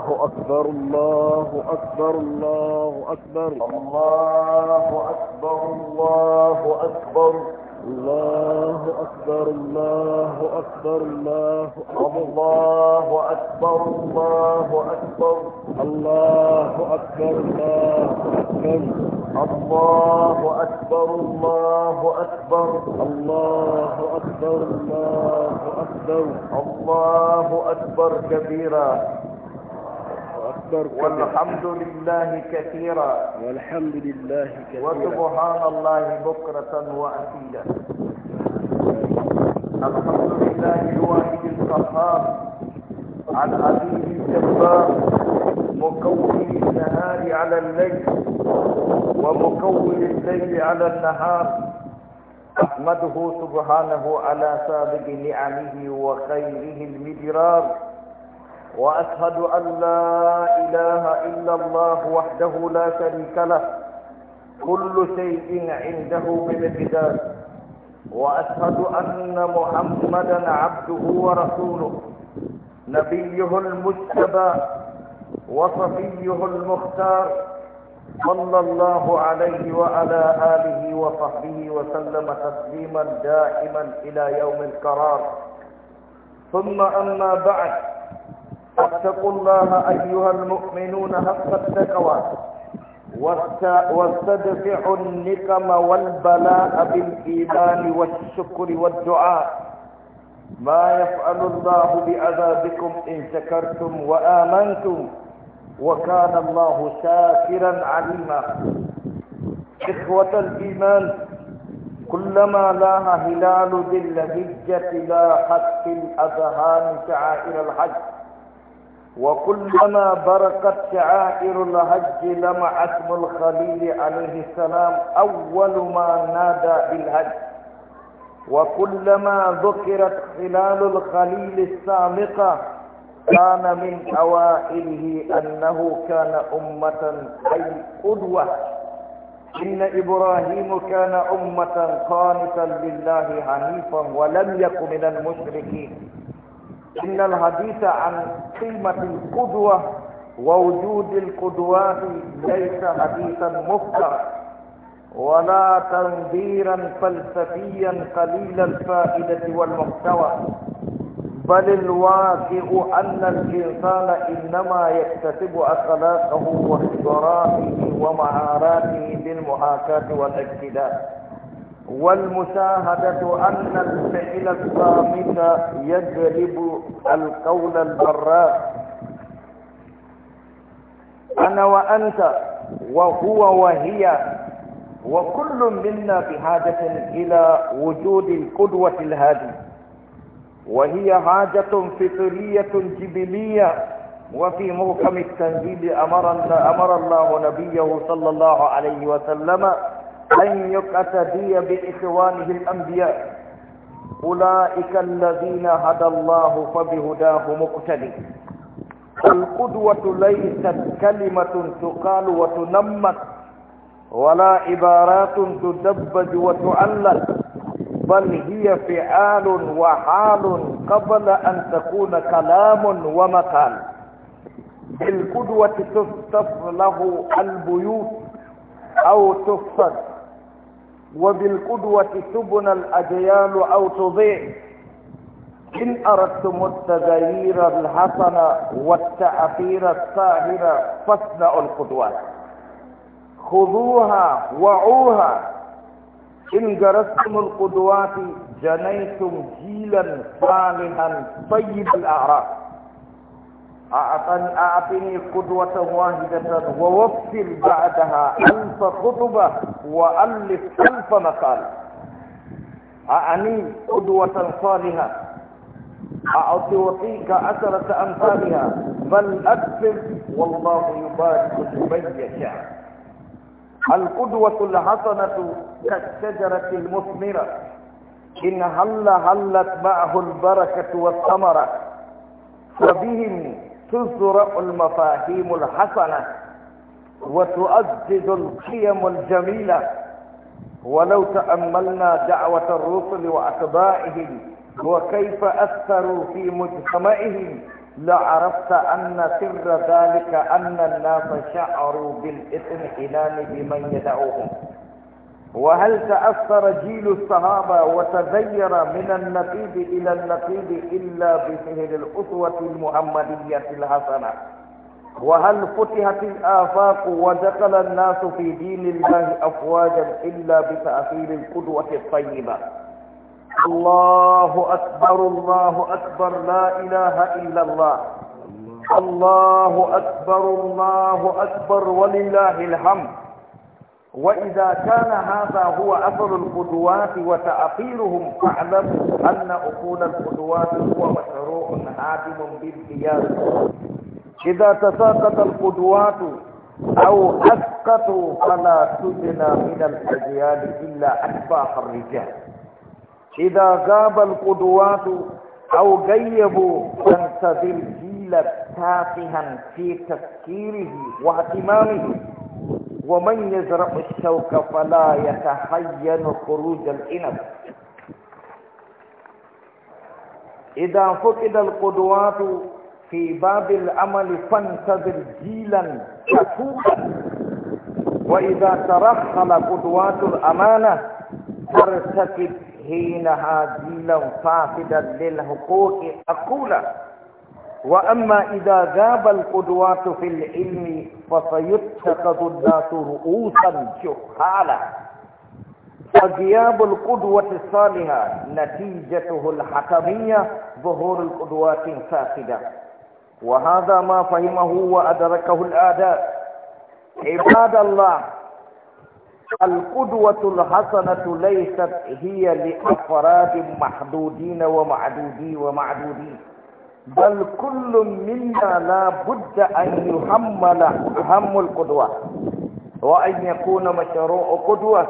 الله أكبر الله أكبر الله أكبر الله أكبر الله أكبر الله أكبر الله أكبر الله الله أكبر الله أكبر الله أكبر الله أكبر الله أكبر الله أكبر الله أكبر الله أكبر الله أكبر كبيرا أكبر والحمد لله كثيرا والحمد لله كثيرا وسبحان الله بكرة وأسيلا الحمد لله الواحد القهار عزيز الجبار مكون النهار على الليل ومكون الليل على النهار أحمده سبحانه على سابق نعمه وخيره المدرار وأشهد أن لا إله إلا الله وحده لا شريك له كل شيء عنده بمقدار وأشهد أن محمدا عبده ورسوله نبيه المجتبى وصفيه المختار صلى الله عليه وعلى آله وصحبه وسلم تسليما دائما إلى يوم القرار ثم أما بعد فاتقوا الله أيها المؤمنون حق التقوى واستدفعوا النقم والبلاء بالإيمان والشكر والدعاء ما يفعل الله بعذابكم إن شكرتم وآمنتم وكان الله شاكرا عليما إخوة الإيمان كلما لاها هلال ذي الهجة لاحت في الأذهان شعائر الحج وكلما برقت شعائر الحج لمع اسم الخليل عليه السلام أول ما نادى بالحج وكلما ذكرت خلال الخليل السامقة كان من أوائله أنه كان أمة أي قدوة إن إبراهيم كان أمة قانتا لله حنيفا ولم يك من المشركين إن الحديث عن قيمة القدوة ووجود القدوات ليس حديثا مفترا ولا تنظيرا فلسفيا قليل الفائدة والمحتوى بل الواقع أن الإنسان إنما يكتسب أخلاقه وخبراته ومهاراته بالمحاكاة والاجتهاد والمشاهدة أن الفعل الصامت يجلب القول البراء أنا وأنت وهو وهي وكل منا بحاجة إلى وجود القدوة الهادي وهي حاجة فطرية جبلية وفي موقم التنزيل أمر, أمر الله نبيه صلى الله عليه وسلم أن يقتدي بإخوانه الأنبياء أولئك الذين هدى الله فبهداه مقتدي القدوة ليست كلمة تقال وتنمت ولا عبارات تدبج وتعلل بل هي فعال وحال قبل أن تكون كلام ومقال بالقدوة تفتف له البيوت أو تفسد وبالقدوة تبنى الأجيال أو تضيع إن أردتم التغيير الحسن والتأثير الساهر فاصنعوا القدوات خذوها وعوها إن جرستم القدوات جنيتم جيلا صالحا طيب الأعراف أعطني قدوة واحدة ووفر بعدها ألف خطبة وألف ألف مقال أعني قدوة صالحة أعطيك عشرة أمثالها بل أكثر والله يبارك من يشاء القدوة الحسنة كالشجرة المثمرة إن هل هلت معه البركة والثمرة فبهم تزرع المفاهيم الحسنة وتؤجد القيم الجميلة ولو تأملنا دعوة الرسل وأتباعهم وكيف أثروا في مجتمعهم لعرفت أن سر ذلك أن الناس شعروا بالإثم بمن يدعوهم وهل تأثر جيل الصحابة وتغير من النقيب إلى النقيب إلا بمهر الأسوة المحمدية الحسنة وهل فتحت الآفاق ودخل الناس في دين الله أفواجا إلا بتأثير القدوة الطيبة الله أكبر الله أكبر لا إله إلا الله الله أكبر الله أكبر ولله الحمد وإذا كان هذا هو أصل القدوات وتأخيرهم فاعلم أن أصول القدوات هو مشروع عادم بالقياس إذا تساقط القدوات أو أسقطوا فلا تدنى من الأجيال إلا أشباح الرجال إذا غاب القدوات أو غيبوا فانتظر الجيل تافها في تفكيره واهتمامه ومن يزرع الشوك فلا يتحين خروج الإنب إذا فقد القدوات في باب الأمل فانتظر جيلا كفوفا وإذا ترحل قدوات الأمانة فارتكب حينها جيلا فافدا للحقوق أقولا وأما إذا غاب القدوات في العلم فسيتخذ الناس رؤوسا جهالا فغياب القدوة الصالحة نتيجته الحكمية ظهور القدوات الفاسدة وهذا ما فهمه وأدركه الآداء عباد الله القدوة الحسنة ليست هي لأفراد محدودين ومعدودين ومعدودين بل كل منا لا بد أن يحمل هم القدوة وأن يكون مشروع قدوة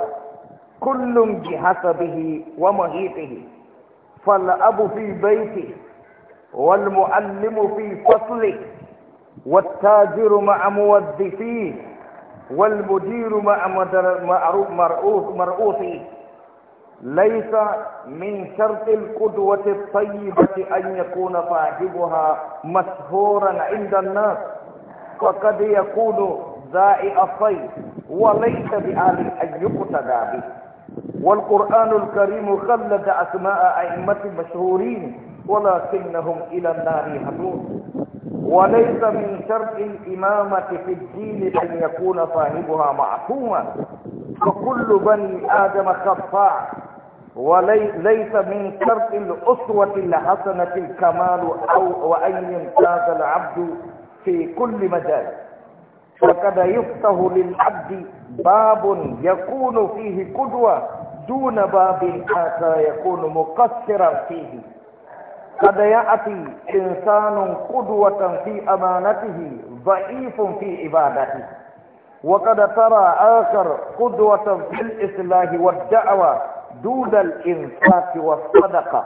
كل بحسبه ومهيته فالأب في بيته والمعلم في فصله والتاجر مع موظفيه والمدير مع مرؤوسه ليس من شرط القدوة الطيبة أن يكون صاحبها مشهورا عند الناس وقد يكون زائع الصيد وليس بآل أن يقتدى به والقرآن الكريم خلد أسماء أئمة مشهورين ولكنهم إلى النار يهدون وليس من شرط الإمامة في الدين أن يكون صاحبها معصوما فكل بني آدم خطاع وليس من شرط الأسوة الحسنة الكمال أو وأن يمتاز العبد في كل مجال وقد يفتح للعبد باب يكون فيه قدوة دون باب حتى يكون مقصرا فيه قد يأتي إنسان قدوة في أمانته ضعيف في عبادته وقد ترى آخر قدوة في الإصلاح والدعوة دون الإنفاق والصدقة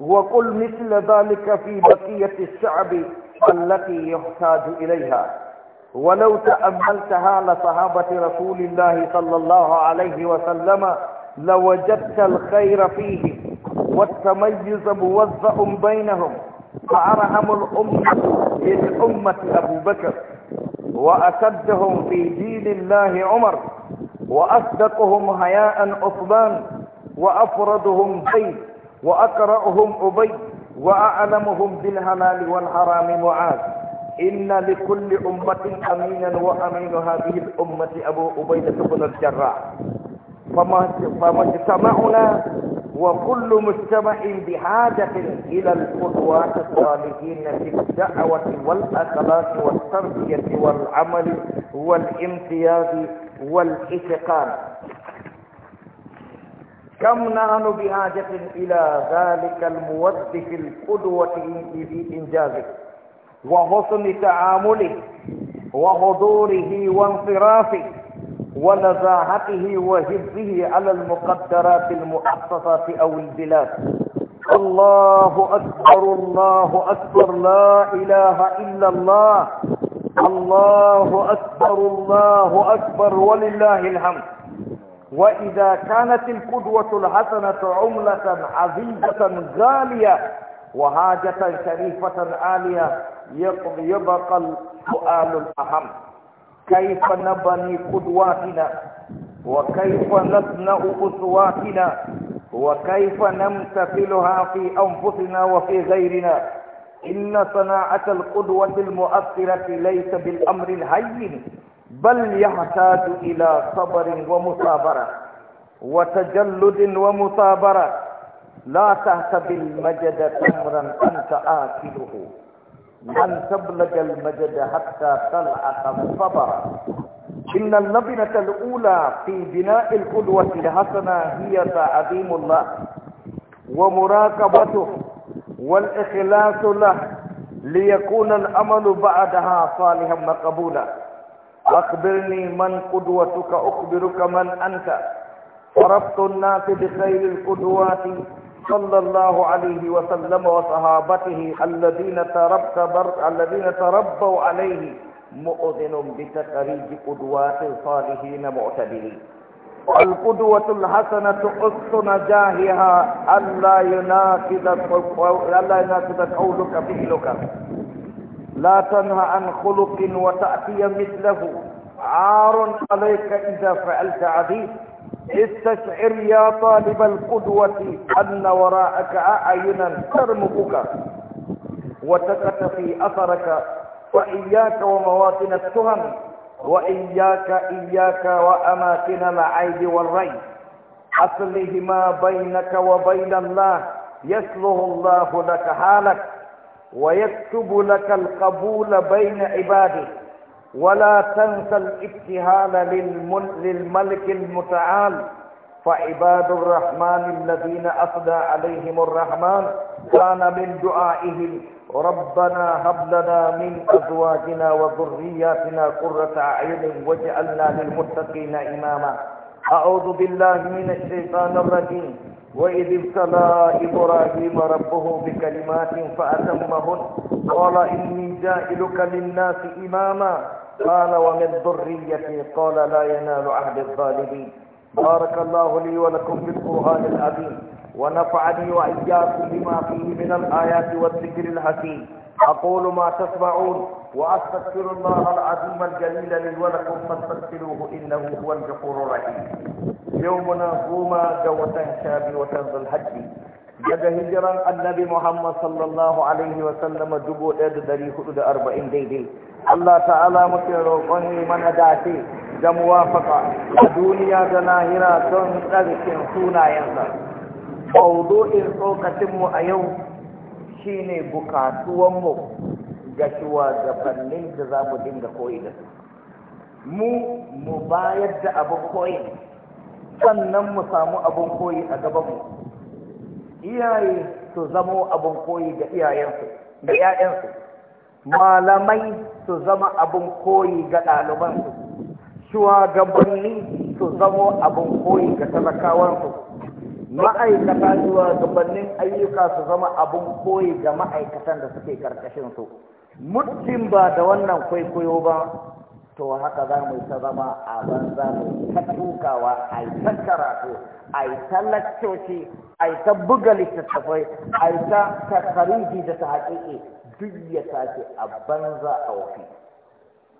وقل مثل ذلك في بقية الشعب التي يحتاج إليها ولو تأملت حال صحابة رسول الله صلى الله عليه وسلم لوجدت الخير فيهم والتميز موزع بينهم فأرحم الأمة للأمة أبو بكر وأسدهم في دين الله عمر وأصدقهم هياء عثمان وأفردهم زيد وأقرأهم أبي وأعلمهم بالحلال والحرام معاذ إن لكل أمة أمينا وأمين هذه الأمة أبو أبيدة بن الجراح فما اجتمعنا وكل مجتمع بحاجة إلى القدوات الصالحين في الدعوة والأخلاق والتربية والعمل والامتياز والإتقان كم نحن بحاجة إلى ذلك الموظف القدوة في إنجازه وحسن تعامله وحضوره وانصرافه ونزاهته وهبه على المقدرات المؤسسة أو البلاد الله أكبر الله أكبر لا إله إلا الله الله أكبر الله أكبر ولله الحمد وإذا كانت القدوة الحسنة عملة عزيزة غالية وهاجة شريفة عالية يبقى السؤال الأهم كيف نبني قدواتنا وكيف نصنع أسواتنا وكيف نمتثلها في أنفسنا وفي غيرنا إن صناعة القدوة المؤثرة ليس بالأمر الهين بل يحتاج إلى صبر ومثابرة وتجلد ومثابرة لا تهتب المجد تمرا أنت آكله لن تبلغ المجد حتى تلعق الصبر إن اللبنة الأولى في بناء القدوة الحسنة هي تعظيم الله ومراقبته والإخلاص له ليكون الأمل بعدها صالحا مقبولا أخبرني من قدوتك أخبرك من أنت فربط الناس بخير القدوات صلى الله عليه وسلم وصحابته الذين الذين تربوا عليه مؤذن بتخريج قدوات الصالحين معتدلين القدوة الحسنة حسن جاهها ألا يناقض ألا يناقض قولك فعلك لا تنهى عن خلق وتأتي مثله عار عليك إذا فعلت عديد استشعر يا طالب القدوة أن وراءك أعينا ترمقك في أثرك وإياك ومواطن التهم وإياك إياك وأماكن العيب والري أصلهما بينك وبين الله يسله الله لك حالك ويكتب لك القبول بين عباده ولا تنسى الابتهال للملك المتعال فعباد الرحمن الذين أفدى عليهم الرحمن كان من دعائهم ربنا هب لنا من أزواجنا وذرياتنا قرة أعين واجعلنا للمتقين إماما أعوذ بالله من الشيطان الرجيم وإذ ابتلى إبراهيم ربه بكلمات فأتمهن قال إني جائلك للناس إماما قال ومن ذريتي قال لا ينال عهد الظالمين بارك الله لي ولكم في القرآن العظيم ونفعني وإياكم بما فيه من الآيات والذكر الحكيم أقول ما تسمعون وأستغفر الله العظيم الجليل لي ولكم فاستغفروه إنه هو الغفور الرحيم yau muna goma ga watan sha biyu watan zulhajji daga hijiran annabi muhammad sallallahu alaihi wa sallama dubu ɗaya da dari hudu da arba'in daidai allah ta'ala muke roƙon mana dace da muwafaka a duniya da lahira don ɗarkin sunayensa maudu'in tsokacinmu a yau shine bukatuwanmu ga shugabannin da za mu dinga koyi da su mu mu bayar da abu koyi sannan mu samu abin koyi a gabanmu iyaye su zamo abin koyi ga iyayensu da 'ya'yansu malamai su zama abin koyi ga ɗalibansu shugabanni su zama abin koyi ga talakawansu ma'aikata shugabannin ayyuka su zama abin koyi ga ma'aikatan da suke karkashinsu muddin ba da wannan kwaikwayo ba to haka za mu ta zama a banza mu ta tukawa a yi ta karatu a yi ta lakcoci a yi ta buga littattafai a yi ta takariji da ta haƙiƙe duk ya sake a banza a wafi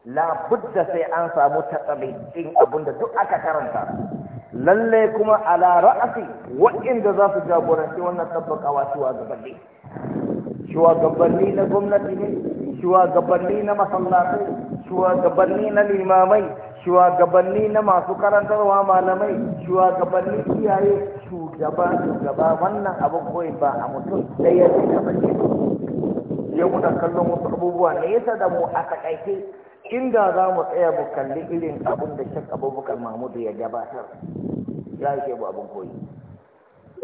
labudda sai an samu tatsalitin abin da duk aka karanta Lallai kuma ala ra'asi waɗanda za su jagoranci wannan tabbakawa shuwa shugabanni na gwamnati ne shugabanni na masallatai shuwagabanni na limamai shugabanni na masu karantarwa malamai shuwagabanni iyaye shugaba shugaba wannan abin koyi ba a mutum da ya ce da bace yau da kallon wasu abubuwa ne yasa da mu aka takaice inda za mu tsaya mu kalli irin abin da shak abubakar mahmudu ya gabatar ya yi abin koyi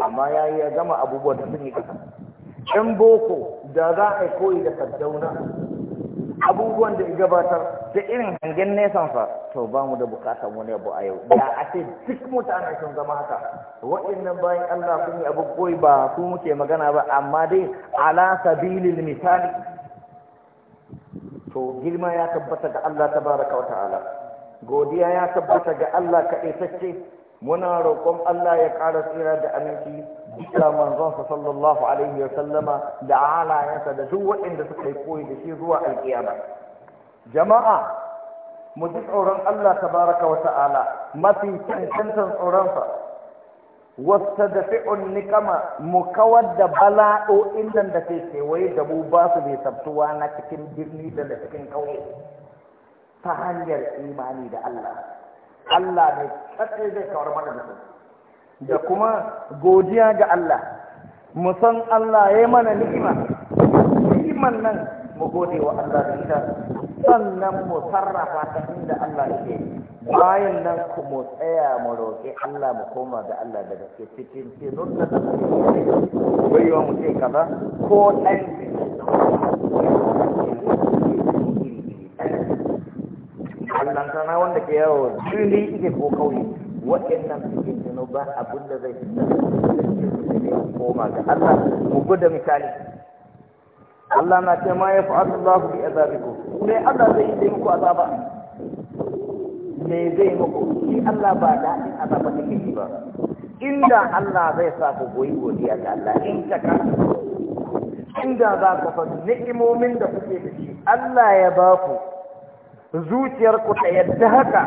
amma ya yi ya gama abubuwan da sun yi kasa ɗan boko da za a koyi da kaddauna abubuwan da gabatar da irin hangen nesansa to ba mu da bukatar wani abu a yau da a ce duk mutane sun zama haka waɗannan bayan allah sun yi abu koyi ba su muke magana ba amma dai ala sabilil misali to girma ya tabbata ga allah ta bara wa ta'ala godiya ya tabbata ga allah kaɗaitacce muna roƙon allah ya ƙara tsira da aminci duka manzonsa sallallahu alaihi wa sallama da halayensa da duk waɗanda suka yi koyi da shi zuwa alƙiyama jama'a mu ji tsoron Allah ta baraka wa ta'ala mafi cancantan tsoronsa wasta da fi'un nikama mu kawar da bala'o'in nan da ke kewaye da mu ba su bai na cikin birni da da cikin ƙauye ta hanyar imani da Allah Allah ne kaɗai zai kawar mana da su da kuma godiya ga Allah mu san Allah ya mana ni'ima ni'iman nan mu gode wa Allah da ita sannan mu sarrafa ta inda Allah yake bayan nan ku mu tsaya mu roƙi Allah mu koma ga Allah da gaske cikin don da ta bai ko mu ce kaza ko ɗan Allah sana wanda ke yawo fili ike ko kauye waɗannan suke mu ba abin da zai fitar da koma ga Allah mu gudu misali Allah na ce ma ya fa'alu Allah bi azabiku me Allah zai yi muku azaba me zai muku shi Allah ba da azaba da kike ba inda Allah zai sa ku goyi godiya ga Allah in ka ka inda za ku fa ni'imomin da kuke da shi Allah ya ba ku zuciyar ku ta yadda haka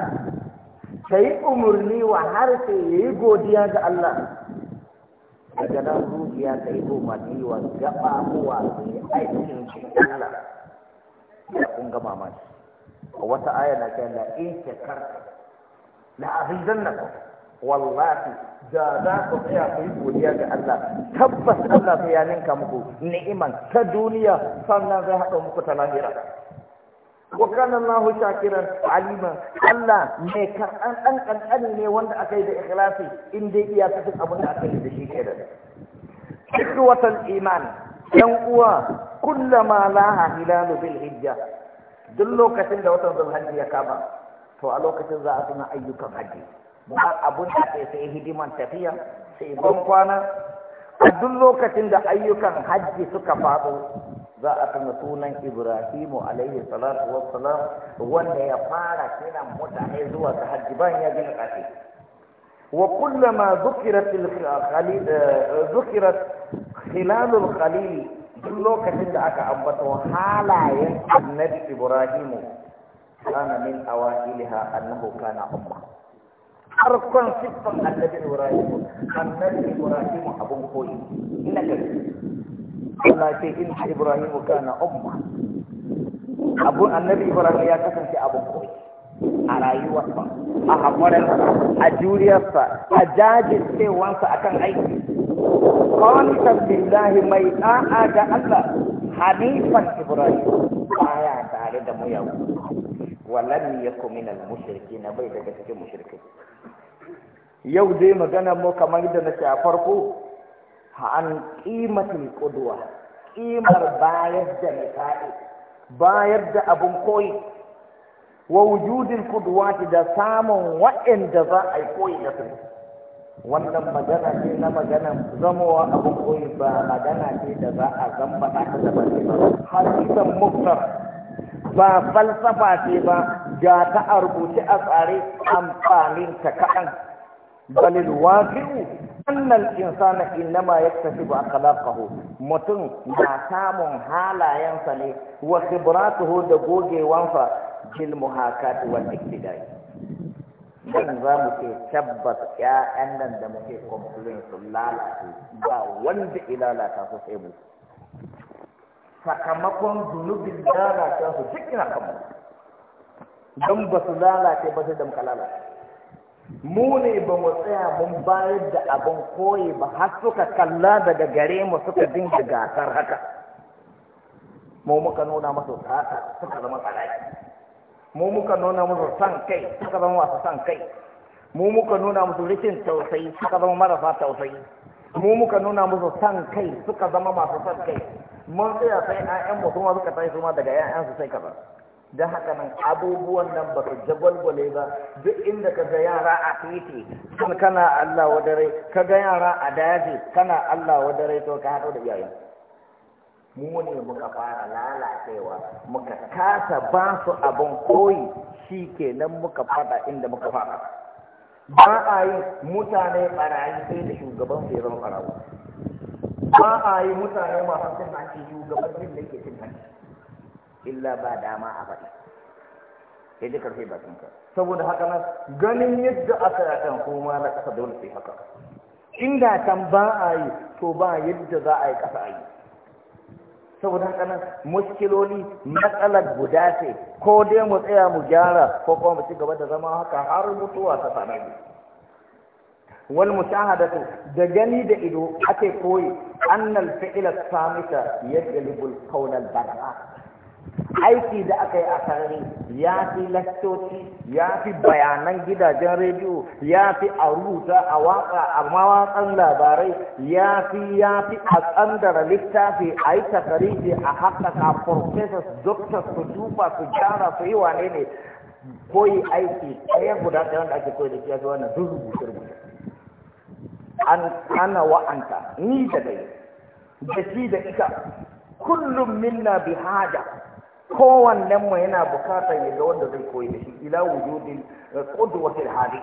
ka yi umarni wa harshe ya yi godiya ga Allah daga nan zuciya ka yi umarni wa gaɓaɓuwa su yi aikin shi Allah ya kun gama mashi a wata aya na kai da in na abin azidan nan wallahi da za ku tsaya ku yi godiya ga Allah tabbas Allah sai ya ninka muku ni'iman ta duniya sannan zai haɗa muku ta lahira wa kana Allahu shakiran alima Allah mai an ɗan kankani ne wanda aka yi da ikhlasi in dai iya cikin abin da aka yi da shi kenan ikhwatul iman yan uwa kullama laha hilalu bil hijja duk lokacin da watan hajji ya kama to a lokacin za a tuna ayyukan hajji ba abun da ke sai hidiman tafiya sai ban kwana a duk lokacin da ayyukan hajji suka faɗo za a tuna sunan ibrahimu alaihi salatu wassalam wanda ya fara kiran mutane zuwa ta hajji bayan ya gina ƙafi wa kullama zukirat eh, zukirat khilalul khalil duk lokacin da aka ambata halayen annabi ibrahimu kana min awa'iliha annahu kana umma farkon siffan annabi ibrahimu annabi ibrahimu abun koyi ina gaske Allah ce in Ibrahim kana umma abun annabi Ibrahim ya kasance abun koyi a rayuwarsa a haƙurinsa a juriyarsa a cewansa akan aiki qanitan billahi mai da'a ga Allah hanifan Ibrahim baya tare da mu yau ya yakun na mushirki na bai daga cikin mushirki yau dai magana mu kamar da na farko an ƙimatin ƙudwa ƙimar bayar da misali bayar da abin koyi wa wujudin ƙudwati da samun waɗanda za a yi koyi da su wannan magana ce na magana zamowa abin koyi ba magana ce da za a zamba da ta ba hadisan Muktar ba falsafa ce ba ga ta a rubuce a tsare amfanin ta kaɗan بل الواقع أن الإنسان إنما يكتسب أخلاقه متن نعتام حالا ينصلي وخبراته دقوجي وانفا بالمحاكاة والاقتداء dan za mu ce tabbas ƴaƴan nan da muke kwamfulin su lalace ba wanda su sai mu sakamakon zunubin lalata su duk ina don ba su lalace ba sai da muka mu ne ba mu tsaya mun bayar da abin koyi ba har suka kalla daga gare mu suka dinga gasar haka mu muka nuna masu tsaka suka zama tsalaki mu muka nuna musu san kai suka zama masu san kai mu muka nuna musu rikin tausayi suka zama marasa tausayi mu muka nuna musu san kai suka zama masu san kai mun tsaya sai 'ya'yan mu kuma suka tashi su ma daga 'ya'yansu sai kaza da haka nan abubuwan nan su jagwalgwale ba duk inda ka ga yara a titi kan kana Allah wa dare ka ga yara a daji kana Allah wa dare to ka haɗu da iyaye mu ne muka fara lalacewa muka kasa ba su abin koyi shi kenan muka fada inda muka fada ba a yi mutane barayi sai da shugaban sai zama barawo ba a yi mutane masu cin hanci shugaban sai da yake cin hanci illa ba dama a faɗi sai dai karfe bakin ka saboda haka nan ganin yadda aka yi kan kuma na ƙasa dole sai haka inda kan ba a yi to ba yadda za a yi ƙasa a yi saboda haka nan muskiloli matsalar guda ce ko dai mu tsaya mu gyara ko kuma mu ci gaba da zama haka har mutuwa ta same mu wal mushahadatu da gani da ido ake koyi annal fi'la samita yajlibu al-qawl al aiki da aka yi a sarari ya fi lastoci ya fi bayanan gidajen rediyo ya fi a rubuta a waka a mawakan labarai ya fi ya fi a tsandara littafi a yi takariji a haƙaƙa professors doctors su duba su gyara su yi wane ne koyi aiki ɗaya guda ɗaya wanda ake koyi da shi ya zo wannan duk rubutu-rubutu? an ana wa'anta ni da dai da shi da ita kullum minna bi hada kowannen mu yana bukatar ya ga wanda zai koyi da shi ila wujudin eh, qudwatil hali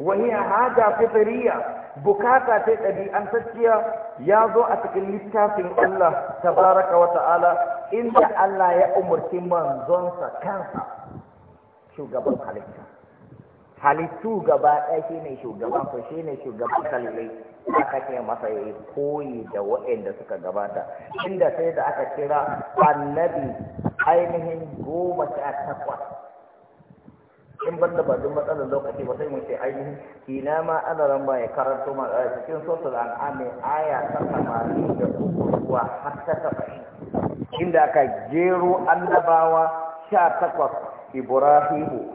wa hiya haja fitriya bukata ce ɗabi'antacciya ya zo a cikin littafin Allah tabaraka wa ta'ala inda Allah ya umarci manzonsa kansa shugaban halitta halittu gaba ɗaya ne shugaban ku ne shugaban kalilai aka ce masa ya yi koyi da waɗanda suka gabata inda sai da aka kira annabi ainihin goma sha takwas in ban da bazin matsalar lokaci ba sai mun ce ainihin ina ma ana ba ya karanto ma a cikin sosul al'amin aya ta samari da kuma har ta saba'in inda aka jero annabawa sha takwas ibrahimu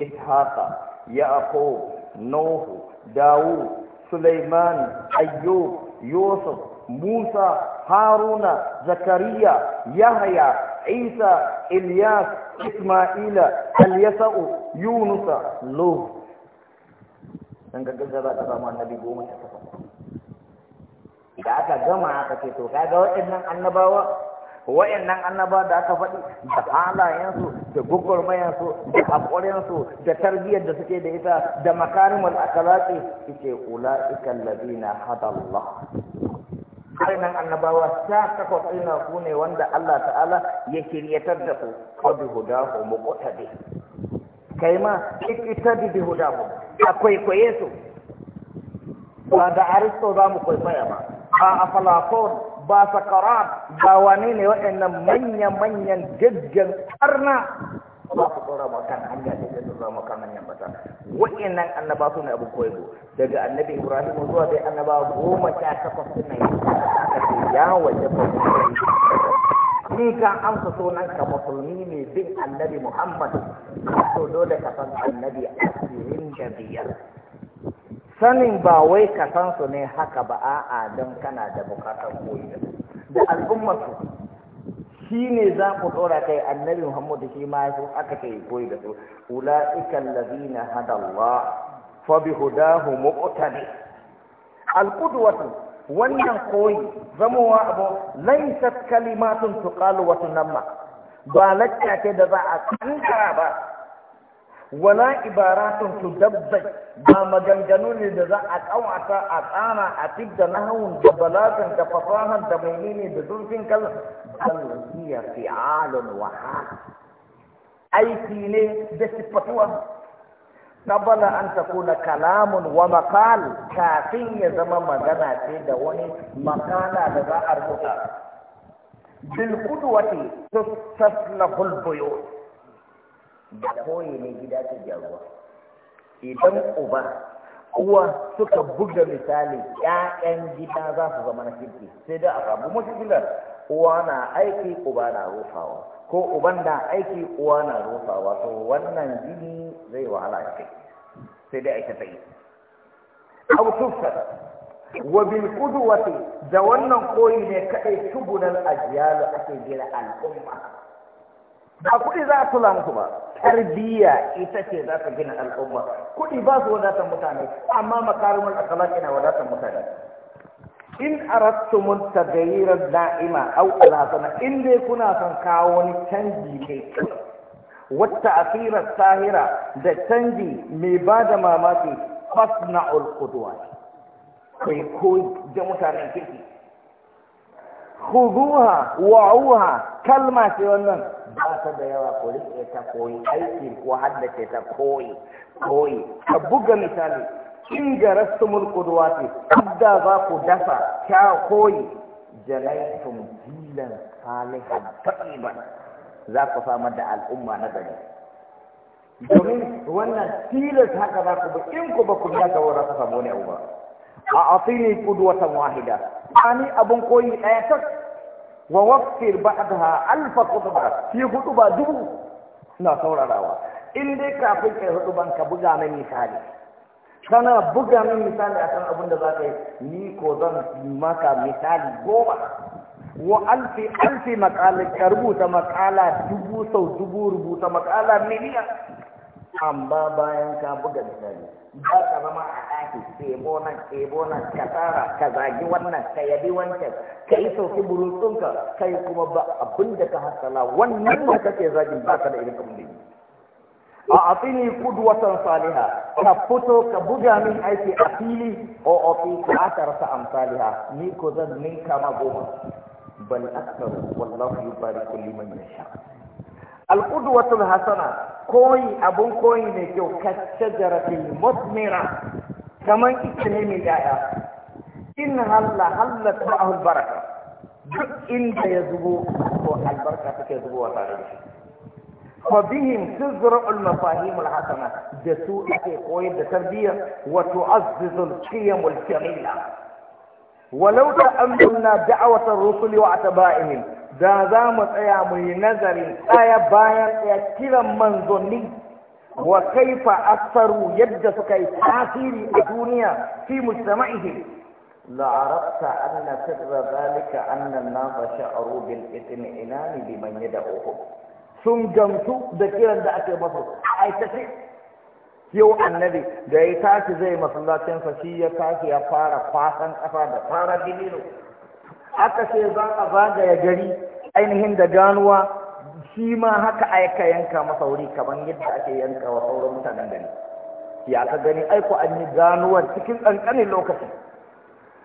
ishaqa yaqub nuhu dawud سليمان أيوب يوسف موسى هارون زكريا يحيى عيسى إلياس إسماعيل اليسع يونس لوط dan gaggaza za ta samu annabi goma ta takwas da aka gama aka ce to kaga waɗannan annabawa wa'annan annaba da aka faɗi da halayensu da gwagwarmayansu da haƙurinsu da tarbiyyar da suke da ita da makarimul akalaki ita ula'ika allazina hadallah wa'annan annabawa ta takwas ina ku ne wanda Allah ta'ala ya kiryatar da ku ko bi hudahu bi. kai ma ita bi hudahu a kwaikwaye su ba da aristo za mu kwaikwaya ba a afalakon ba sakarat ba wani ne waɗannan manya-manyan gaggan karna ba su tsora ba kan hanya da tsora ba kan hanyar mata waɗannan annaba su ne abin koyo daga annabi ibrahim zuwa dai annaba goma sha takwas suna yi aka ce ya waje ba Ni ka amsa sunan ka musulmi ne bin annabi muhammad to dole ka san annabi a da biyar sanin ba wai ka san su ne haka ba a'a don kana da bukatar koyi da al'ummar su shi ne za ku tsora kai annabi Muhammad shi ma su aka ce koyi da su ulaika allazina hada Allah fa bi hudahu muqtadi alqudwatu wannan koyi zamowa abu laysat kalimatun tuqalu wa tunamma ba lacca ce da za a kankara ba wala ibaratun tudabbai ba maganganu ne da za a kawata a tsana a fidda nahawun da balagan da fasahar da menene da zurfin kalmar bal hiya fi'alun wa aiki ne da sifatuwa qabala an takuna kalamun wa maqal kafin ya zama magana ce da wani makala da za a rubuta bil qudwati taslahu buyut da hoye ne gida ta jaruwa idan uba uwa suka buga misali ƴaƴan gida za su zama na kirki sai dai a samu mushkilar uwa na aiki uba na rufawa ko uban na aiki uwa na rufawa to wannan jini zai wahala a kai sai dai aika tsaye abu tufsad wa bil qudwati da wannan koyi ne kadai tubunan ajiyalu ake gina al'umma ba kuɗi za a kula ba tarbiyya ita ce za ta gina al'umma kuɗi ba su wadatar mutane amma makarumar akhlaq ina wadatar mutane in arattum taghayyir da'ima na'ima alhasana in dai kuna son kawo wani canji mai kyau wata asirar tahira da canji mai ba da mamaki fasna'ul qudwa kai koyi da mutanen kiki khuduha wa'uha kalma ce wannan ba ta da yawa ko rike ta koyi aiki ko haddace ta koyi koyi ka buga misali in ga rastumul kudwati abda za ku dafa ta koyi janaitum jilan salihan taqiban za ku samar da al'umma na gari domin wannan tilas haka za ku bi in ku ba ku ya ga ta samu ne uba a asini wata wahida ani abun koyi ɗaya tak wa waqfir ba'daha alfa khutba fi khutba dubu na saurarawa in dai kafin kai hudu ban ka buga min misali kana buga min misali akan abin da za yi ni ko zan maka misali goma wa alfi alfi makala ka rubuta makala dubu sau dubu rubuta makala miliyan amma bayan ka buga misali ba ka zama a ɗaki ɗebo nan ɗebo nan ka tsara ka zagi wannan ka yabi wancan ka yi sauki burutsunka kai kuma ba abin da ka hasala wannan da kake zagin ba ka da irin abin yi a Kudu watan saliha ka fito ka buga min aiki a fili o ofi ka am saliha ni ko zan ninka ma goma bal aktaru wallahu yubariku liman yasha القدوة الحسنة كوي أبو كوي نجو كالشجرة المثمرة كما يتنمي لها إن هلا هلا تبعه البركة دك إن يزبو البركة تكذبو وطاري فبهم تزرع المفاهيم الحسنة جسوء في قوي التربية وتعزز القيم الجميلة ولو تأملنا دعوة الرسل واعتبائهم da za mu tsaya mu yi nazarin tsaya bayan tsaya kiran manzanni wa kaifa asaru yadda suka yi tasiri a duniya fi mujtama'ihi la arabta anna sirra zalika anna an sha'aru bil ithmi liman yad'uhu sun gamsu da kiran da ake yi masa a aikace yau annabi da ya tashi zai masallacinsa shi ya tashi ya fara fasan kafa da fara dililo aka ce za a zagaya gari ainihin da ganuwa shi ma haka aika yanka masa wuri kamar yadda ake yanka wa sauran mutanen gari ya ka gani ku an yi ganuwar cikin ƙanƙanin lokaci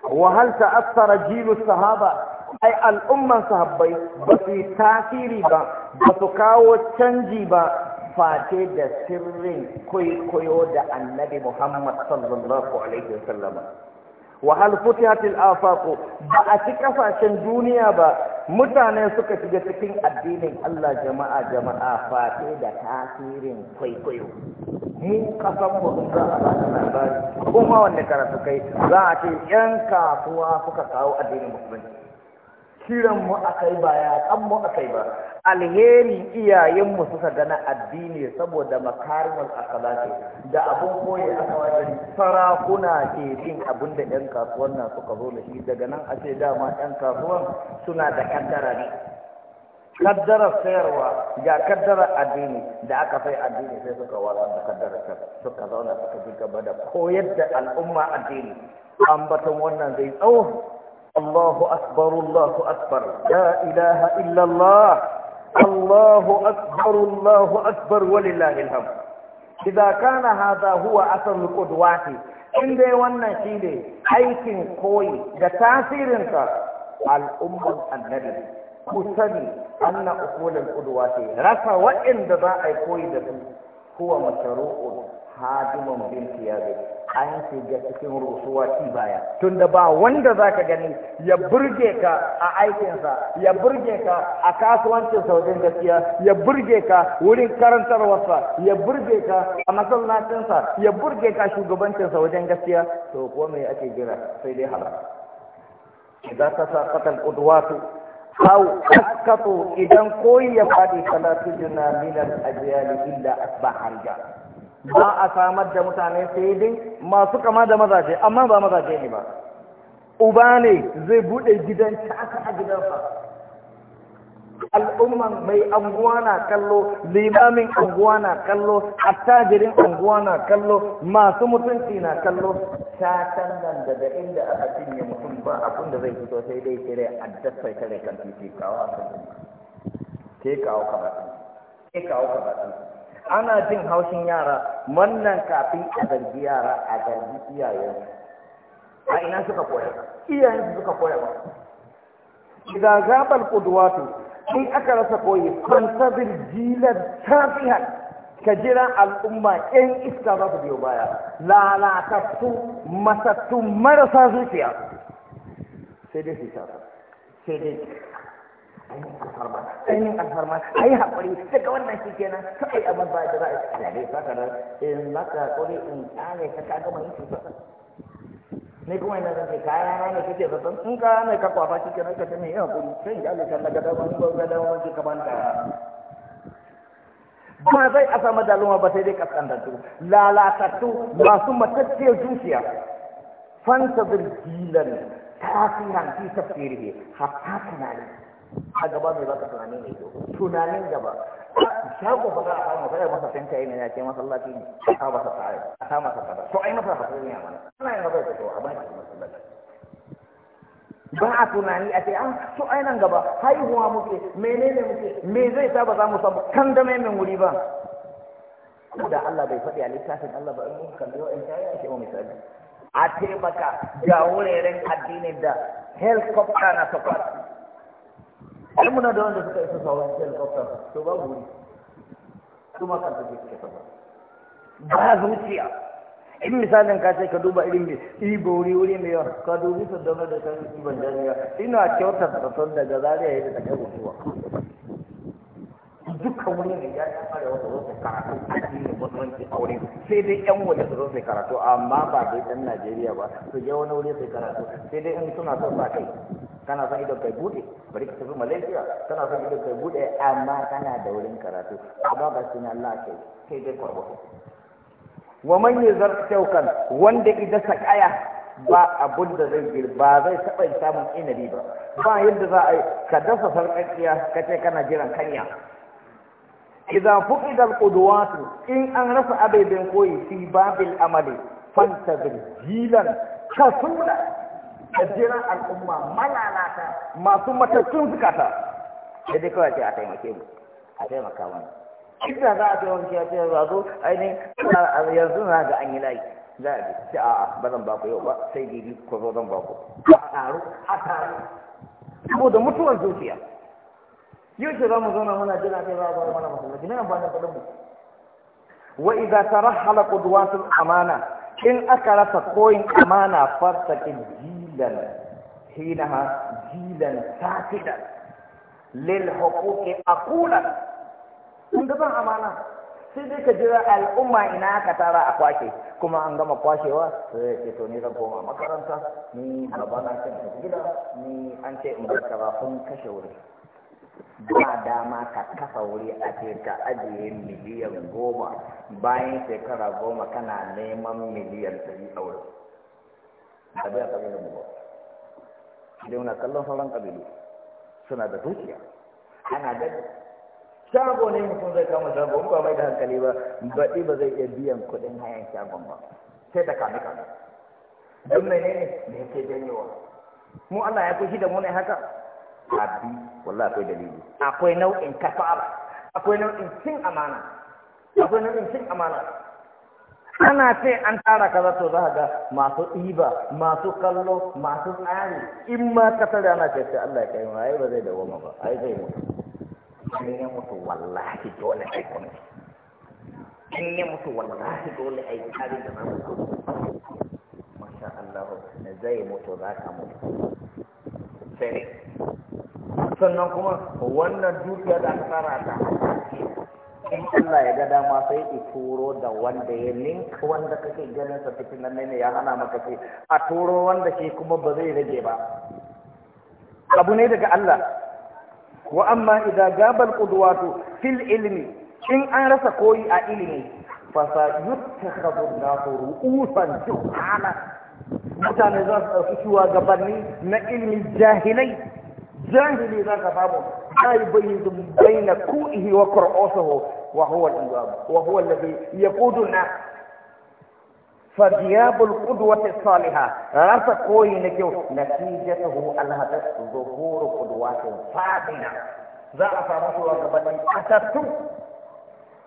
wahal ta'assara jilu sahaba ai al'umman sahabbai ba su yi tasiri ba ba su kawo canji ba face da sirrin kwaikwayo da annabi muhammad sallallahu alaihi wasallam wa hal futihatil afaq ba a ci kasashen duniya ba mutane suka shiga cikin addinin Allah jama'a jama'a fate da tasirin kwaikwayo mu kasan mu za a ba labari kuma wanne karatu kai za a ce yan kasuwa suka kawo addinin musulunci kiran mu akai ba ya kan mu akai ba alheri iyayen mu suka gana addini saboda makarimul akalati da abun koyi aka wajen sarakuna ke yin abin da yan kasuwan na suka zo da shi daga nan a ce dama yan kasuwan suna da kaddara ne Kaddara sayarwa ga kaddara addini da aka sai addini sai suka wala da kaddara ta suka zauna suka ji gaba da koyar da al'umma addini ambaton wannan zai tsawo الله أكبر الله أكبر لا إله إلا الله الله أكبر الله أكبر ولله الحمد إذا كان هذا هو أثر القدوات إن دي وانا شيني أيكن كوي ده تأثير انت الأمة النبي كسني أن أقول القدوات رفع وإن ده أي كوي ده هو مشروع هادم بامتيازه an shiga cikin rusuwa ci baya tunda ba wanda zaka gani ya burge ka a aikinsa ya burge ka a kasuwancin wajen gaskiya ya burge ka wurin karantarwarsa ya burge ka a masallacinsa ya burge ka shugabancinsa wajen gaskiya to ko me ake jira sai dai halaka idan ka sa qatal qudwatu aw askatu idan koyi ya fadi salatu jinna min al ajyal illa asbaha ba a samar da mutane sai dai masu kama da mazaje amma ba mazaje ne ba uba ne zai buɗe gidan casa a gidan fa. al'umman mai anguwa na kallo limamin anguwa na kallo attajirin anguwa na kallo masu mutunci na kallo Ta nan daga inda aka cinye mutum ba abin da zai fito sai dai kire addasa ya kare kan titi kawo a kan ke kawo karatun ke kawo karatun ana jin haushin yara wannan kafin a zargi yara a zargi iyayen a ina suka koya iyayen su suka koya ba idan kuduwa to in aka rasa koyi fantazir jilan tafihan ka jira al'umma yan iska za su biyo baya lalatattu masattu marasa zuciya sai dai su sai dai sanyin alfarma a yi haƙuri daga wannan shi kenan to ai abin ba da za a yi dai saka da in ka haƙuri in ƙane ka ka gama yin cuta ne kuma ina zan ce kaya na ne kake zaton in ka ne ka kwafa shi kenan ka tana haƙuri sai ya lika na gada wani ba gada wani ka ban ka zai a sama daluma ba sai dai kaskantattu lalatattu masu matacciyar zuciya fanta birjilan tasirin fi tafsirihi hatta tunani a gaba mai baka tunani ne tunanin gaba shago ba za a samu sai masa senta yana ya ce masallaci ne a sa masa tsare a sa masa tsare to ai masa hasari ne mana ana yin hasari to a ba shi ba a tunani a ce an ah, to ai nan gaba haihuwa muke menene muke me zai sa ba za mu samu kan da mai min wuri ba ko da Allah bai faɗi a littafin Allah ba in mun kalli wa'in ta yi ce wa misali a taimaka ga wuraren addinin da helicopter na support ai muna da wanda suka isa sauran helicopter to ba wuri su ma kan tafi suke sama ba zuciya in misalin ka ce ka duba irin mai ibo wuri wuri mai yawa ka dubi su da da kan ibon jami'a ina kyautar da son daga zariya yadda ta kai gutuwa dukkan wani ne ya yi fara wata wasu karatu a addinin musulunci a wurin sai dai yan waje su zo sai karatu amma ba dai dan Najeriya ba su je wani wuri sai karatu sai dai in suna son sa kai kana son ido kai bude bari ka tafi malaysia kana son ido kai bude amma kana da wurin karatu amma ba sun Allah kai kai dai kwarwa wa man yuzar shaukan wanda idan sakaya ba abun da zai gir ba zai taba samun inabi ba ba yadda za a yi ka dasa sarƙaƙiya ka ce kana jiran kanya idan fuqida alqudwatu in an rasa ababen koyi fi babil amali bil jilan kasula da jiran al'umma malalata masu matattun zukata da dai kawai ce a taimake mu a taimaka mana inda za a taimaka a ce za zo ainihin yanzu na ga an yi layi za a ce a'a ba zan ba yau ba sai gidi ko zo zan ba a taru a taru saboda mutuwar zuciya yau ce za mu zauna muna jira kai za a zo mana masallaci na ba na kudin mu wa iza tarahala qudwatul amana in aka rasa koyin amana farsakin ji جيدا حينها جيلا ساكتا للحقوق أقولا عندما ba amana sai dai ka jira al'umma ina ka tara a kwashe kuma an gama kwashewa sai ce to ni koma makaranta ni baba na kan gida ni an ce in bar karafin kashe wuri dama ka kafa wuri a ce ka ajiye miliyan goma bayan shekara goma kana neman miliyan ɗari a wurin da bai kabilar mu ba idan muna kallon sauran kabilu suna da dukiya ana gani shago ne mutum zai kama shago ba mai da hankali ba baɗi ba zai iya biyan kuɗin hayan shagon ba sai ta kame kame don mene ne da yake janyewa mu Allah ya kushi da mu ne haka abi wallahi akwai dalili akwai nau'in kafara akwai nau'in cin amana akwai nau'in cin amana ana ce an tara kaza to za ga masu ɗiba masu kallo masu tsari in ma ka tare ana ce sai Allah ya kai mu ai ba zai goma ba ai zai mutu in ya mutu wallahi dole ai kuma in ya mutu wallahi dole ai tsari da na mutu masha Allah ne zai mutu za ka mutu sai sannan kuma wannan dukiya da aka tara ta in Allah ya ga dama sai i turo da wanda ya ninka wanda kake ganin sa cikin nan ne ya hana maka ce a turo wanda shi kuma ba zai rage ba abu ne daga Allah wa amma idan gabal qudwatu fil ilmi in an rasa koyi a ilimi fa sa yuttakhadhu an-nasu ru'usan juhala mutane za su ɗauki gabanni na ilimin jahilai jahili za ka samu bai bayyana baina ihi wa qur'usuhu وهو الإمام وهو الذي يقودنا فغياب القدوة الصالحة رفع كوي نكيو نتيجته الهدف ظهور قدوات فاضلة ذا أفرمت وقبل أسدتم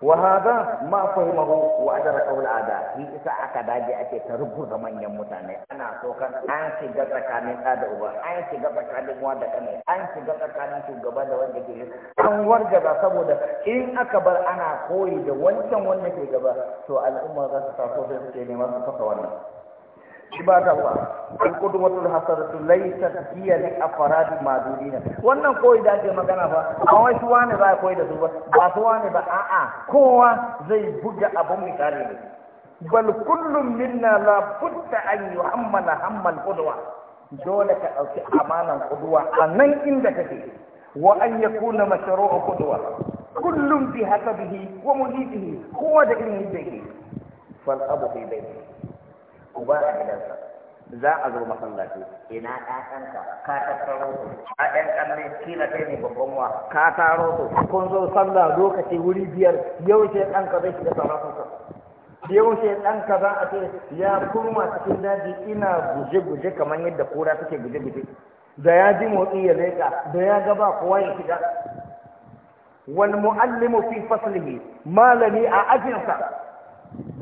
Wahaza ma fahimaru wa'izar ƙaunar Ado kuma isa aka dage ake ta rubuta manyan mutane. Ana sauka an shiga tsakanin ƙa da uba, an shiga tsakanin waɗa ƙane, an shiga tsakanin shugaban da wanda ke yi. An wargaba saboda in aka bar ana koyi da wancan wanda ke gaba to al'ummar za su ta so suke neman su wannan عباد الله القدوة الحسنة ليست هي لأفراد المعدودين wannan koyi da ake magana ba a wai wani ba koyi da su ba ba wani ba a'a kowa zai buga abun kare ne bal kullum minna la budda an yuhammala hammal qudwa dole ka dauki amanan qudwa a nan inda kake wa an yakuna mashru'u qudwa kullum bi hasabihi wa muhibihi kowa da irin yadda yake fal abu fi uba a gidansa za a zo masallaci ina ƴaƴanka ka tattaro su ƴaƴan ƙanne kila kai ne babban wa ka taro su kun zo sallah lokaci wuri biyar yaushe ɗanka zai shiga sarrafa yaushe ɗanka za a ce ya kurma cikin daji ina guje-guje kamar yadda kura take guje-guje da ya ji motsi ya leƙa da ya ga ba kowa ya shiga wal mu'allimu fi faslihi malami a ajinsa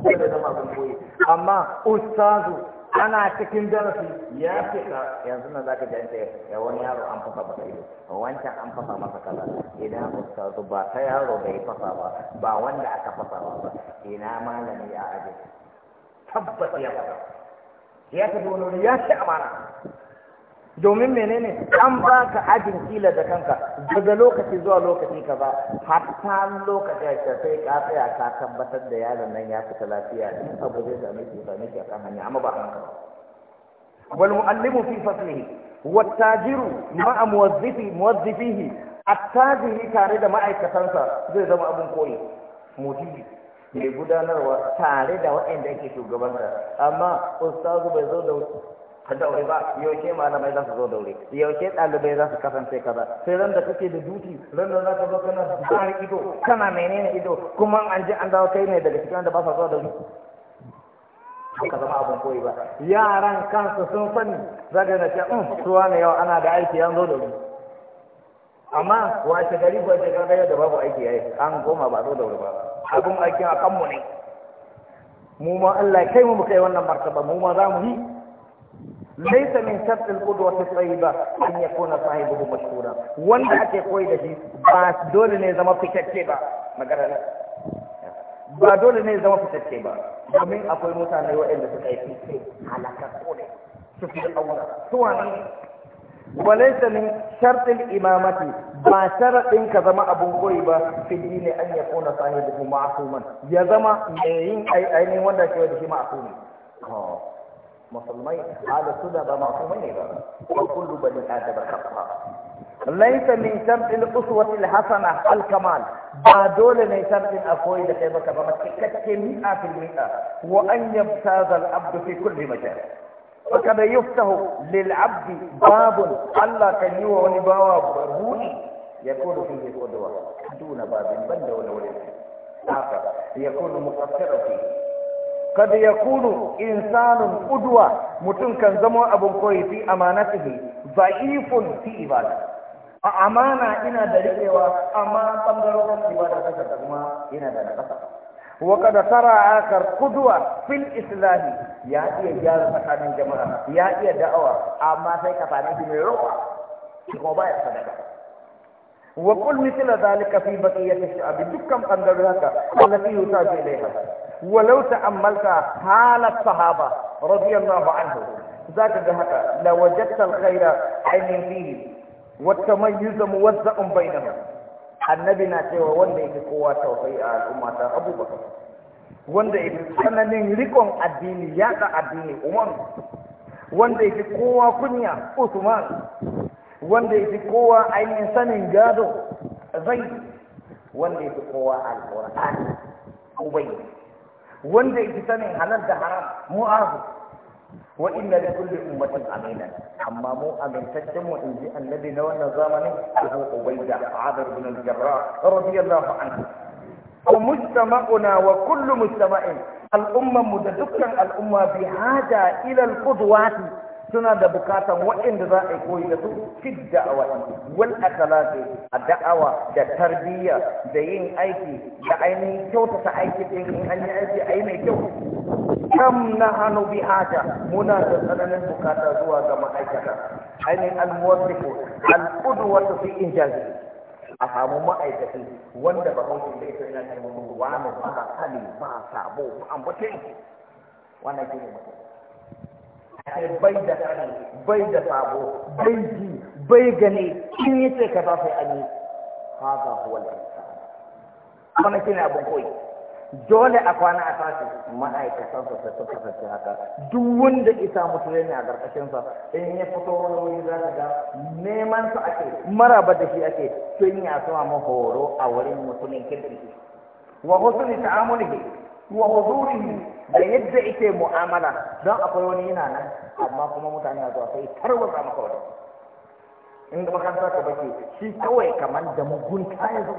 sai da zama abin koyi amma ustazu ana cikin darasi ya fita yanzu nan zaka ji an ya wani yaro an fasa masa ido wancan an fasa masa kaza Idan ustazu ba ta yaro bai fasa ba ba wanda aka fasa ba ina malami ya aji tabbata ya fasa ya tafi wani ya ci amana domin menene an baka ajin kila da kanka daga lokaci zuwa lokaci ka ba hatta lokaci ya sai ka tsaya ka tabbatar da yaron nan ya fita lafiya in abu zai same shi same shi akan hanya amma ba haka ba wal muallimu fi faslihi wat tajiru ma'a muwazzifi muwazzifihi attajiri tare da ma'aikatansa zai zama abun koyi mudiri mai gudanarwa tare da waɗanda yake shugabanta amma ustazu bai zo da Ka daure ba yaushe malamai za su zo daure. yaushe ɗalibai za su kasance kaza sai ran da kake da duti ran da za ka zo kana bar ido kana menene ido kuma an ji an dawo kai ne daga cikin wanda ba sa zo da wuri ka zama abin koyi ba yaran kansu sun sani zaga na ce um hmm, suwa ne yau ana da aiki an zo da wuri amma wace gari ko ce kaga yau da babu aiki yayi an goma ba zo da ba abin aikin a kanmu ne mu ma Allah kai mu mu kai wannan martaba mu ma za mu yi laisa min shartil qudwati tayyiba an yakuna sahibuhu mashhura wanda ake koyi da shi ba dole ne zama fitacce ba magana ba dole ne zama fitacce ba domin akwai mutane waɗanda suka yi fice halakakku ne su fi aura su wani walaisa min shartil imamati ba sharaɗin ka zama abun koyi ba fi ne an ya kona sahibu ma'asuman ya zama mai yin ainihin wanda ke da shi ma'asumi مسلمي على سنة بمعصومي وكل بني آدم خطاء ليس من سمت القصوة الحسنة الكمال بعدول من سمت أخوي لقيمك بمسك كمئة في المئة وأن يمتاز العبد في كل مجال فكما يفتح للعبد باب ألا كان يوعني بواب بابوني يكون فيه قدوة دون باب بل ولا ولا يكون مقصر فيه kad yakunu insanun qudwa mutum kan zama abin koyi fi amanatihi da'ifun fi ibada a amana ina da riƙewa amma bangarorin ibada suka kuma ina da nakasa وقد ترى آخر قدوة في الإسلام يا إيه جار سكان الجماعة يا إيه دعوة أما سيكا فانيه من روح شكوبا يصدق وقل مثل ذلك في بقية الشعب دكم قندرها التي يحتاج إليها ولو تأملت حال الصحابة رضي الله عنهم ذاك جهك لوجدت الخير عين فيه والتميز موزع بينهم annabi na cewa wanda yake kowa tausayi a al'umma ta abubakar wanda yake tsananin rikon addini ka addini umar wanda yake kowa kunya usman wanda yake kowa ainihin sanin gado zai wanda yake kowa alƙur'ani ubai wanda yake sanin halal da haram mu azu wa inna li kulli ummatin amina amma mu amintaccen mu inji annabi na wannan zamani Abu Ubaida Abdur bin al-Jarrah radiyallahu anhu wa mujtama'una wa kullu mujtama'in al'umman mu da dukkan al-umma bi hada ila al-qudwati suna da bukatan waɗanda za a koyi da su fit da'awa wal akalati a da'awa da tarbiyya da yin aiki da ainihin kyautata aiki din in an yi aiki yi mai kyau kam na hannu bi haja muna da tsananin bukata zuwa ga ma'aikata ainihin al al'udu al-qudwatu fi injazi a samu ma'aikata wanda ba hausa da ita yana cewa wani ba hali ba sabo ba ambatin wannan shine mutum bai da sani bai da sabo bai ji bai gani in yi ce ka za su yi an yi haka huwa wannan shine abin koyi dole a kwana a tashi ma'aikatan sa sun kasance haka duk wanda isa mutu ne a karkashin sa in ya fito wani wuri za ka ga neman sa ake maraba da shi ake sun ya sama horo a wurin mutumin kirki wa husnul ta'amulihi wa huzurihi da yadda ike mu'amala don akwai wani yana nan amma kuma mutane na zuwa sai tarwatsa maka wani in ga makaranta ka bace shi kawai kamar da mugunta ya zo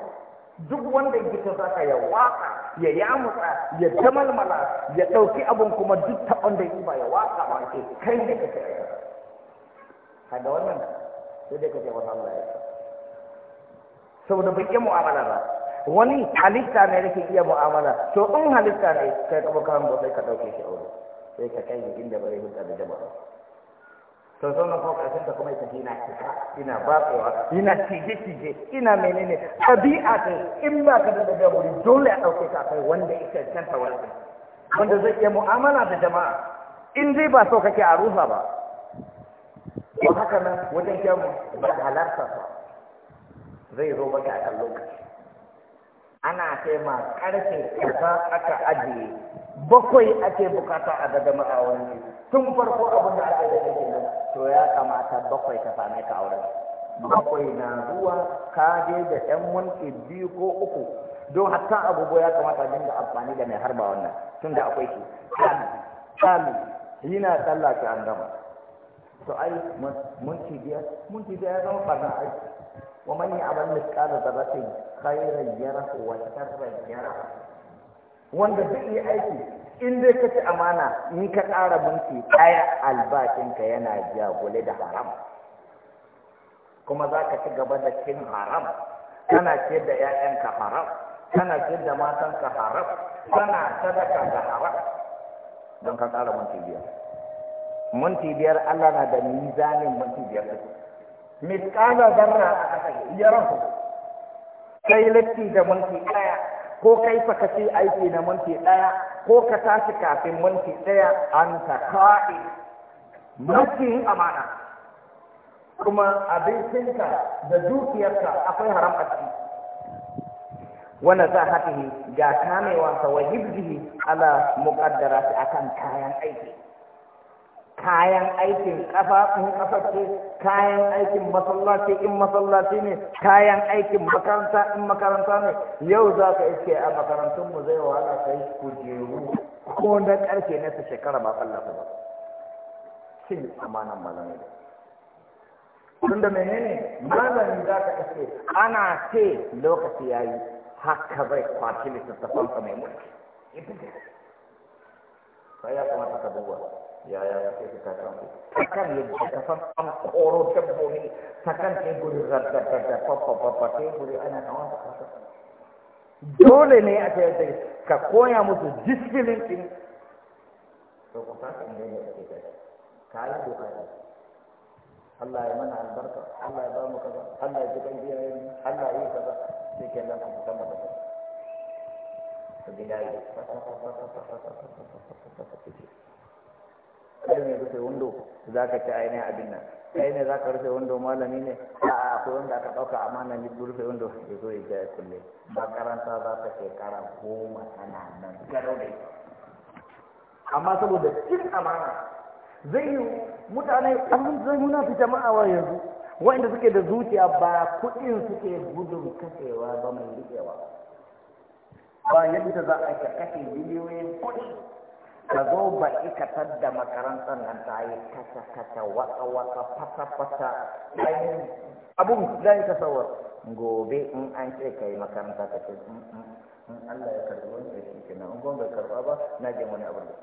duk wanda ya gita zaka ya waka ya yamutsa ya tamalmala ya ɗauki abun kuma duk taɓon da ba ya waka ba ke kai ne ka kai kaga wannan sai dai ka ce wata Allah ya saboda bai yi mu'amala ba wani halitta ne ke iya mu'amala to in halitta ne kai ka baka hango sai ka dauke shi aure sai ka kai gidan da zai hulɗa da jama'a to zo na kuma ta kuma ita ina kika ina batsewa ina cije cije ina menene tabi'a ce in ba ka da wuri dole a dauke ka kai wanda yake canta wani wanda zai iya mu'amala da jama'a in dai ba so kake a rufa ba ko haka nan wajen kyamu ba halarta zai zo maka a lokaci ana kai ma karfe kaza aka ajiye bakwai ake bukata a daga ma'aurani tun farko abin da aka yi da nan to ya kamata bakwai ka same ka auren bakwai na zuwa ka je da yan wanke biyu ko uku don hatta abubuwa ya kamata dinga amfani da mai harba wannan tun da akwai shi kalu yana tsalla ki an gama to ai mun ci biyar mun ci biyar zama farna aiki wa man da abal misqala dharratin khairan yara wa sharran yara wanda duk yi aiki in dai ka amana ni ka ƙara minti ɗaya albashinka yana jagule da haram kuma za ka ci gaba da cin haram kana ce da ƴaƴanka haram kana ce da matanka haram kana sadaka da haram don ka ƙara minti biyar minti biyar Allah na da mizanin minti biyar miskala zarra a ƙasa ya rahu kai latti da minti ɗaya ko kai fa fakaci aiki da minti ɗaya ko ka tashi kafin minti ɗaya an ta ka'i mafi amana kuma abincinka da dukiyarka akwai haram a ciki wanda za hatihi ga kamewa wa hibzihi ala muqaddarati akan kayan aiki kayan aikin ƙasa in ƙasa ce kayan aikin masallaci in masallaci ne kayan aikin makaranta in makaranta ne yau za ka iske a makarantunmu zai wahala kai kujeru ko na ƙarfe na shekara ba fallasa ba cin amanan malamai da tunda menene malamin za ka iske ana ce lokaci ya yi haka zai kwaci littattafansa mai mulki kai ya kamata ka duba yaya suke suka samu takan yadda ta san an koro dabbobi takan teburi radadada ke teburi ana na hawa da kasa dole ne a tsaye ka koya musu disfilin din to ku ta kan gani a kai ka yi doka ne Allah ya mana albarka Allah ya ba mu kaza Allah ya ji kan biyayen Allah ya yi kaza sai kenan ku san da ka rufe wando za ka ci ainihin abin nan kai ne ka rufe wando malami ne a akwai wanda aka ɗauka amana ne rufe wando ya zo ya ja kulle makaranta za ta shekara goma tana nan garo da amma saboda cin amana mutane zai muna fi jama'a yanzu wa'inda suke da zuciya ba kuɗin suke gudun kasewa ba mai riƙewa ba yadda za a ka kashe biliyoyin kuɗi ka zo ba ikatar da makarantar nan ta yi kasa kasa waka waka fasa fasa abun da ya tasawar gobe in an ce ka yi makaranta ka ce mm, mm, mm, in Allah ya karɓi wani da shi kenan in gwamnati karɓa ba na je wani abu da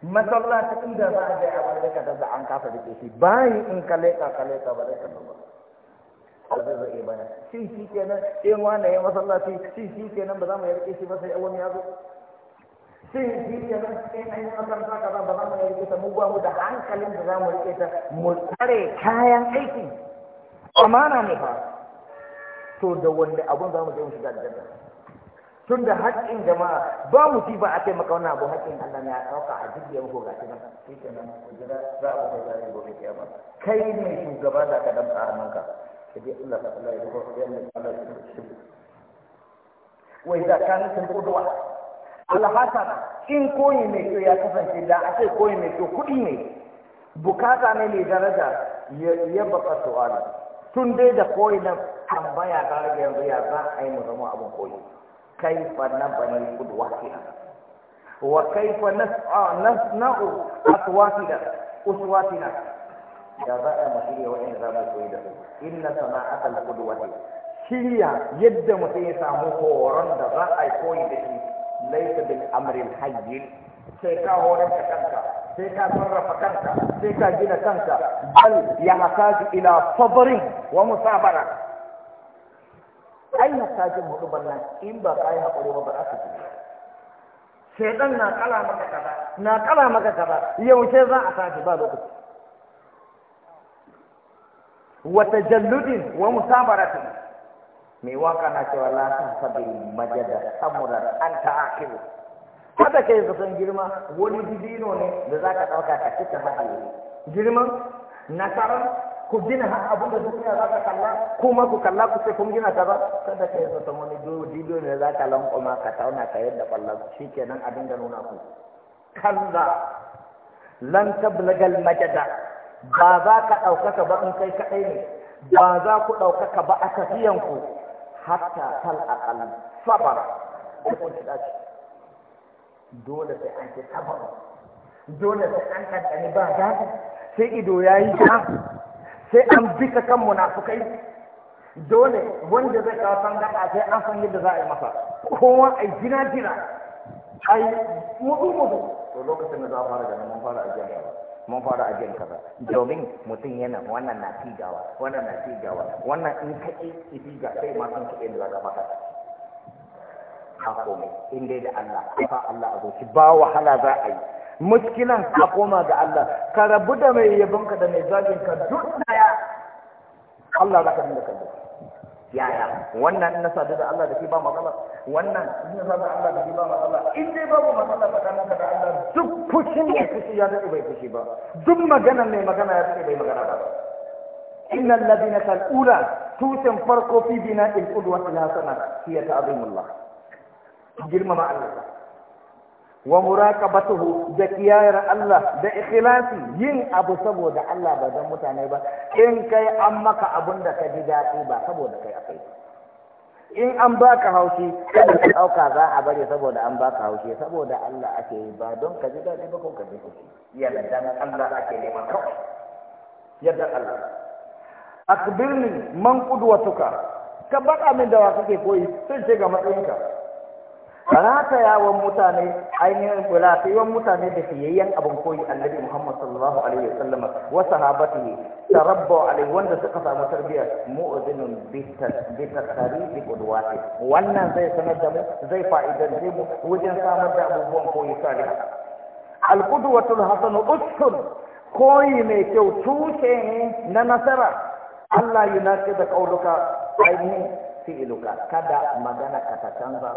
masallaci da za a je a wani da ka da an kafa da ke shi bayan in ka leka ka leka ba zai karɓa ba ba zai zai ba shi shi ke kenan in wani ya masallaci shi shi ke nan ba za mu yarke shi ba sai wani ya zo shi shi kenan in an yi makaranta kaza ba za mu yarke ta mu ba mu da hankalin da za mu rike ta mu tsare kayan aiki amana ne ba to da wanda abun za mu je mu shiga aljanna tun da haƙƙin jama'a ba mu ci ba a taimaka wannan abu haƙƙin Allah ne a ɗauka a jirgin yanko ga shi nan shi kenan ku za a kuma zai gobe kiyama kai ne shugaba da ka damta manka. sai Allah ta Allah ya rubo sai Allah wa idza kanat al al-hasana in koyi mai kyau ya kasance da a ce koyi mai kyau kuɗi ne bukata ne mai daraja ya baka su'ala tun dai da koyi na tambaya ta rage yanzu ya za a yi mu zama abin koyi fa na bani kudwa kina wa kai fa kaifa nas'a'u aswatina uswatina da za a mutum ya wa'in za mu koyi da su inna sana'ata al-qudwati shirya yadda mutum ya samu horon da za a koyi da shi laisa bil amril hayyin sai ka horon da kanka sai ka sarrafa kanka sai ka gina kanka bal ya hasaju ila sabrin wa musabara ai hasajin hudu nan in ba ka yi haƙuri ba ba za ka ji shaidan na kala maka kaza na kala maka kaza yaushe za a tashi ba lokaci wa tajalludin wa musabaratin mai waka na cewa la san majada samurar an ta'akiru kada kai ka san girma wani dibino ne da ka ɗauka ka cika hadiye girman nasarar ku gina abin da duniya za ka kalla kuma ku kalla ku sai kun gina ba kada ka yasa ta wani ne za ka lankoma ka tauna ka yadda ƙwallon shi kenan a dinga nuna ku kalla lan tablagal majada ba za ka ɗaukaka ba in kai kaɗai ne ba za ku ɗaukaka ba a tafiyanku hatta tal aƙal sabar dole sai an ce sabar dole sai an ɗanɗani ba daɗi sai ido ya yi ta sai an bika kan munafukai dole wanda zai kawo sangaɗa sai an san yadda za a yi masa kowa a jira jira a yi mutu to lokacin da za a fara ganin mun fara ajiyar ba mun fara a jin kaza domin mutum yana wannan na tijawa wannan na tijawa wannan in ka ƙi itija sai ma san kuɗin da za faɗa ka komai in dai da Allah ka Allah a zuci ba wahala za a yi muskilan ka koma ga Allah ka rabu da mai yabonka da mai zagin ka duk ya Allah za ka dinga kallon yaya wannan na sadu da Allah da shi ba matsala wannan in na sadu da Allah da shi ba matsala in dai babu matsala tsakanin ka da Allah duk fushin da fushi ya dace bai fushi ba duk magana mai magana ya dace bai magana ba inna alladhina kalula tutan farko fi bina il qudwa ila hasana hiya ta'zimullah girmama Allah wa muraqabatuhu da kiyayar Allah da ikhlasi yin abu saboda Allah ba dan mutane ba in kai an maka abun da ka ji daɗi ba saboda kai akai in an baka haushi kada ka dauka za a bari saboda an baka haushi saboda Allah ake yi ba don ka ji daɗi ba ko ka ji kuɗi yadda dan Allah ake nema kawai yadda Allah akbirni man qudwatuka ka baka min da wa kake koyi sun ce ga matsayinka ratayawan mutane ainihin ratayawan mutane da fiyayyen abin koyi annabi Muhammad sallallahu alaihi wasallam wa sahabatihi tarabbu alaihi wanda suka samu tarbiyyar mu'zinun bi tasari bi qudwati wannan zai sanar da mu zai fa'idance mu wajen samar da abubuwan koyi salih al-qudwatul hasanu uskun koyi mai kyau tushe ne na nasara Allah ce da qauluka ainihin fi'iluka kada magana ka ta canza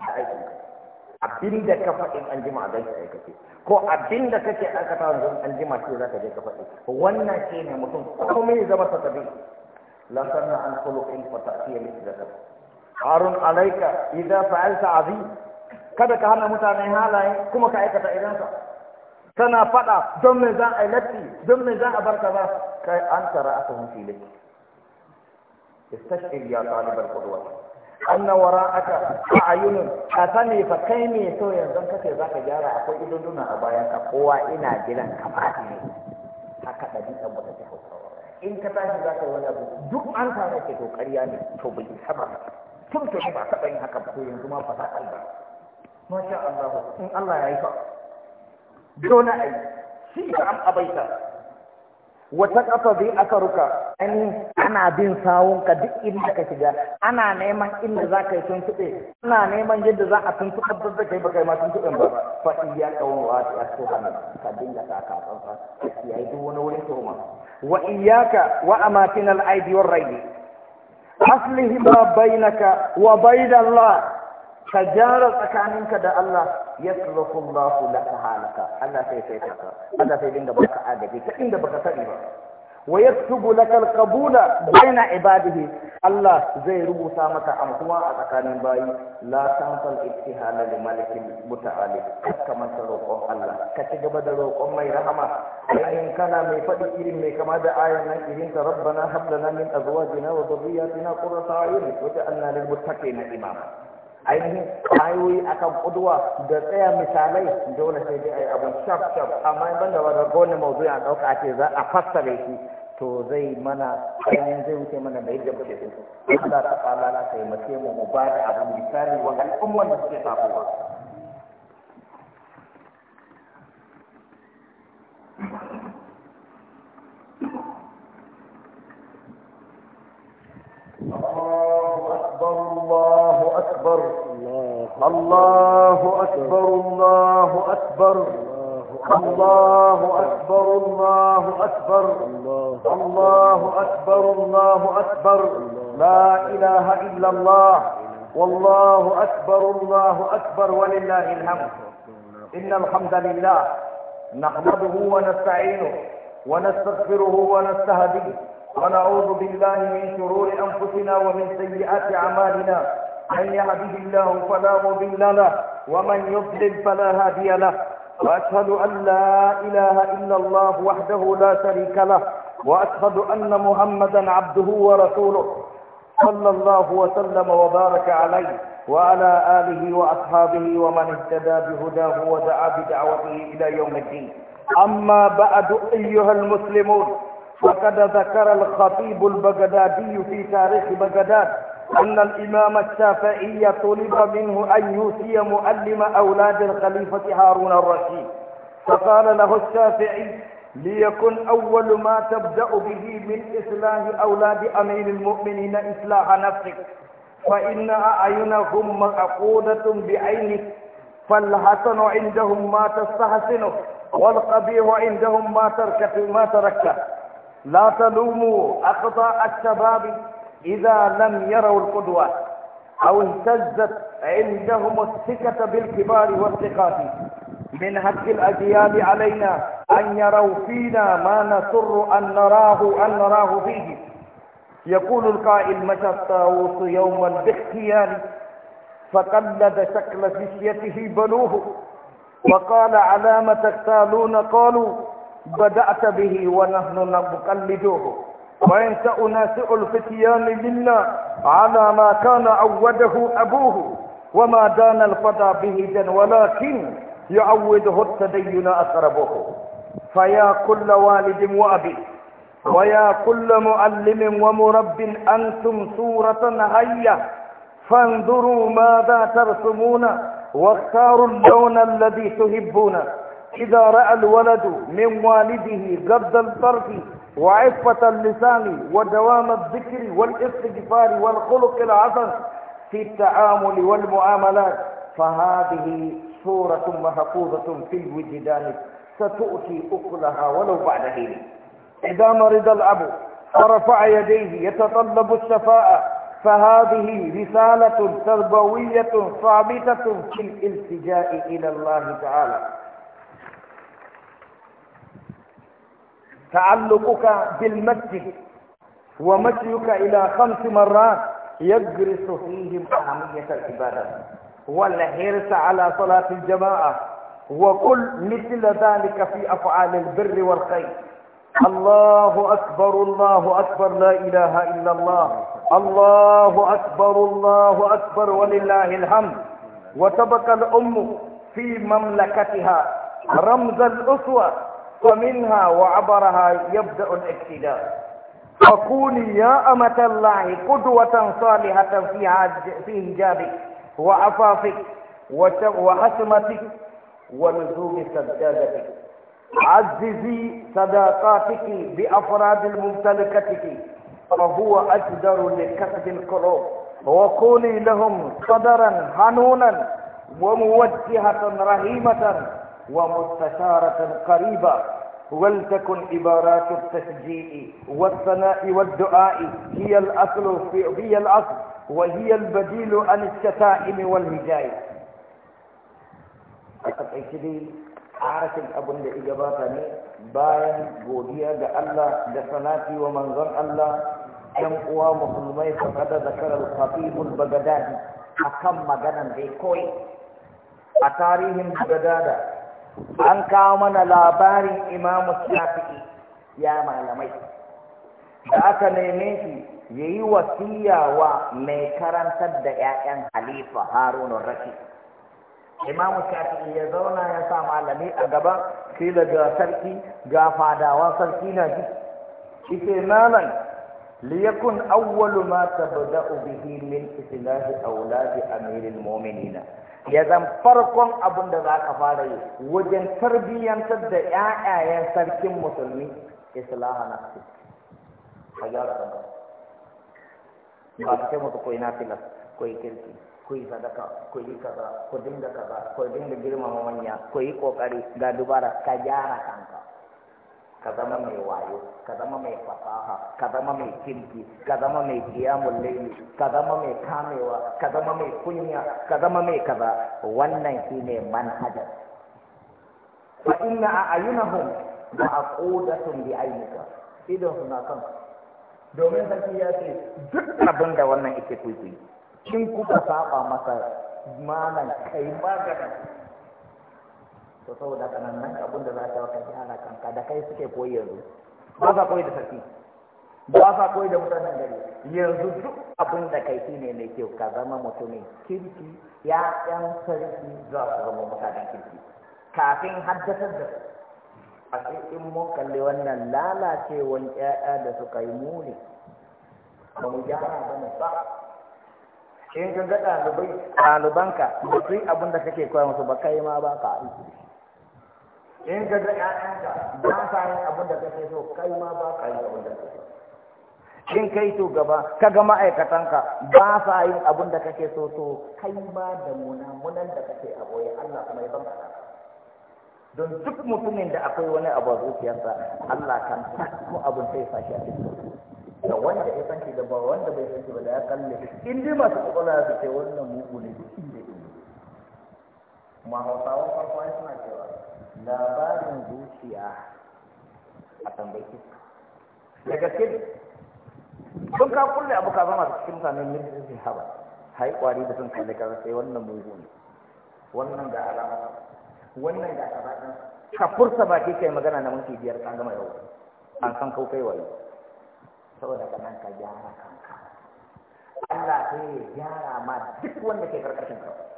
da aiki abin da ka faɗin an jima a ganci aikace ko abin da kake aikata yanzu an jima ce za ka je ka faɗi wannan ce ne mutum komai zama ta tabi lantarna an kulukin fatasiya misalata harun alaika idan fa'alta azi kada ka hana mutane halaye kuma ka aikata idan ka? tana faɗa don me zan a latti don me za a bar kai an tara aka hunfi latti istashir ya talibar kudwata anna wara'aka a'yunun ka sani fa kai ne so yanzu za ka gyara akwai idoduna a bayan ka kowa ina jiran ka fadi ne haka da dukkan mu take hausawa in ka tashi zaka wani abu duk an tare ke to ƙarya ne to bai saba tun to ba saba yin haka to yanzu ma fata Allah masha Allah in Allah ya yi ka dona ai shi ka am abaita wata ƙasa zai aka ruka ani ana bin sawun ka duk inda ka shiga ana neman inda za ka yi tuntuɓe ana neman yadda za a tuntuɓar da kai baka yi ma tuntuɓen ba fa iya kawon wa ta yaso hana ka dinga ta ka tsansa ya yi duk wani wurin toma wa iyaka wa amatin al'aibi wa rai aslihi ma bainaka wa bainallah ka gyara tsakaninka da Allah yasrafu Allahu laka halaka Allah sai sai ka Allah sai dinga baka adabi ta inda baka sani ba wa yaktubu laka alqabula baina ibadihi Allah zai rubuta maka amsuwa a tsakanin bayi la tanfal ittihala li malikin muta'ali ka manta roƙon Allah ka ci gaba da roƙon mai rahama in kana mai faɗi irin mai kama da ayan nan irin ta rabbana hab lana min azwajina wa dhurriyyatina qurrata a'yun waj'alna lil muttaqina imama ainihin ayoyi akan kuduwa da tsaya misalai dole sai dai ayi abu shaf shaf amma in banda wani kowane mawdu'i a dauka ake za a fassara shi to zai mana ainihin zai wuce mana da yadda muke so Allah ta fara na sai mu mu mu ba da abu misali wa al'umman da suke tafowa الله أكبر الله أكبر الله أكبر الله أكبر الله أكبر الله أكبر الله أكبر الله أكبر لا إله إلا الله والله أكبر الله أكبر ولله الحمد إن الحمد لله نحمده ونستعينه ونستغفره ونستهديه ونعوذ بالله من شرور أنفسنا ومن سيئات أعمالنا من يهده الله فلا مضل له ومن يضلل فلا هادي له واشهد ان لا اله الا الله وحده لا شريك له واشهد ان محمدا عبده ورسوله صلى الله وسلم وبارك عليه وعلى آله وأصحابه ومن اهتدى بهداه ودعا بدعوته إلى يوم الدين أما بعد أيها المسلمون فقد ذكر الخطيب البغدادي في تاريخ بغداد أن الإمام الشافعي طلب منه أن يوصي مؤلم أولاد الخليفة هارون الرشيد فقال له الشافعي ليكن أول ما تبدأ به من إصلاح أولاد أمير المؤمنين إصلاح نفسك فإن أعينهم مفقودة بعينك فالحسن عندهم ما تستحسنه والقبيح عندهم ما تركه ما تركته لا تلوموا أخطاء الشباب إذا لم يروا القدوة أو اهتزت عندهم الثقة بالكبار والثقات من حق الأجيال علينا أن يروا فينا ما نسر أن نراه أن نراه فيه يقول القائل مشى الطاووس يوما باختيار فقلد شكل فشيته بنوه وقال علام تختالون قالوا بدأت به ونحن نقلدوه وينشأ ناشئ الفتيان منا على ما كان عوده أبوه وما دان الفضى جن ولكن يعوده التدين أسربه فيا كل والد وأبي ويا كل معلم ومرب أنتم صورة هية فانظروا ماذا ترسمون واختاروا اللون الذي تحبون إذا رأى الولد من والده غض الطرف وعفة اللسان ودوام الذكر والاستغفار والخلق العظم في التعامل والمعاملات فهذه سورة محفوظة في الوجدان ستؤتي أكلها ولو بعد حين إذا مرض الأب فرفع يديه يتطلب الشفاء فهذه رسالة تربوية ثابتة في الالتجاء إلى الله تعالى تعلقك بالمسجد ومشيك إلى خمس مرات يجرس فيهم أهمية العبادة والحرص على صلاة الجماعة وقل مثل ذلك في أفعال البر والخير الله أكبر الله أكبر لا إله إلا الله الله أكبر الله أكبر ولله الحمد وتبقى الأم في مملكتها رمز الأسوة ومنها وعبرها يبدأ الاقتداء فقولي يا أمة الله قدوة صالحة في في حجابك وعفافك وحسمتك ولزوم سجادتك عززي صداقاتك بأفراد ممتلكتك فهو أجدر لكسب القلوب وقولي لهم صدرا حنونا وموجهة رحيمة ومستشارة قريبة ولتكن عبارات التشجيع والثناء والدعاء هي الأصل في هي الأصل وهي البديل عن الشتائم والهجاي. أعتقد أنني أعرف أبن إجاباتني باين بوديا الله لصلاتي ومن ظن الله كم هو مسلمي فقد ذكر الخطيب البغدادي أكم مجانا في كوي أتاريهم بغدادا an kawo mana labarin imamu shafi'i ya malamai da aka neme shi ya yi wasiya wa mai karantar da 'ya'yan halifa harunun rashi imamu shafi'i ya zauna ya sa malami a gaba sai daga sarki ga fadawa sarki na ji ike malam liyakun awwalu ma tabda'u bihi min islahi auladi amiril mu'minina ya zan farkon abin da za ka fara yi wajen tarbiyyantar da ƴaƴayen sarkin musulmi islaha nafsi ka gyara kanka ba ka ce musu koyi nafila koyi kirki koyi sadaka koyi kaza ko dinga kaza ko dinga girmama manya koyi kokari ga dubara ka gyara kanka ka zama mai wayo ka zama mai fasaha ka zama mai kirki ka zama mai kiyamun laili ka zama mai kamewa ka zama mai kunya ka zama mai kaza wannan shine manhajar fa inna a'yunahum ma'qudatun bi aynika idan suna kan domin sarki ya ce duk abin da wannan ita kwaikwayi. kin kuka saba masa malam kai maganin to saboda kana nan abin da za ka wa kanki ana kanka da kai suke koyi yanzu ba sa koyi da sarki ba sa koyi da mutanen gari yanzu duk abin da kai shi ne mai kyau ka zama mutumin kirki ya yan sarki za su zama mutanen kirki kafin haddasar da su a in mun kalli wannan lalacewan ƴaƴa da suka yi muni ba mu gyara ba mu ba in ka ga ɗalibai ɗalibanka da su abin da kake koya musu ba kai ma ba ka aiki in ka ga ƴaƴanka ba sa yin abin da kake so kai ma ba ka yi abin da kake so in kai to gaba ka ga ma'aikatanka ba sa yin abin da kake so to kai ma da munamunan da kake a boye Allah kuma ya banka don duk mutumin da akwai wani abu a zuciyarsa Allah kan sako abin sai sa a cikin da wanda ya san da ba wanda bai san ba da ya kalle in dai masu kwakwalwa su ce wannan mugu ne ma hausawa farko suna cewa labarin zuciya a tambayi da gaske sun ka kulle abu ka zama cikin mutanen ne su haba hai kwari da sun kalle kan sai wannan mugu ne wannan ga alama wannan ga kaza ka ba ke kai magana na minti biyar kan gama yau an san kau kai waye saboda kanan ka gyara kanka Allah sai ya gyara ma duk wanda ke karkashin kanka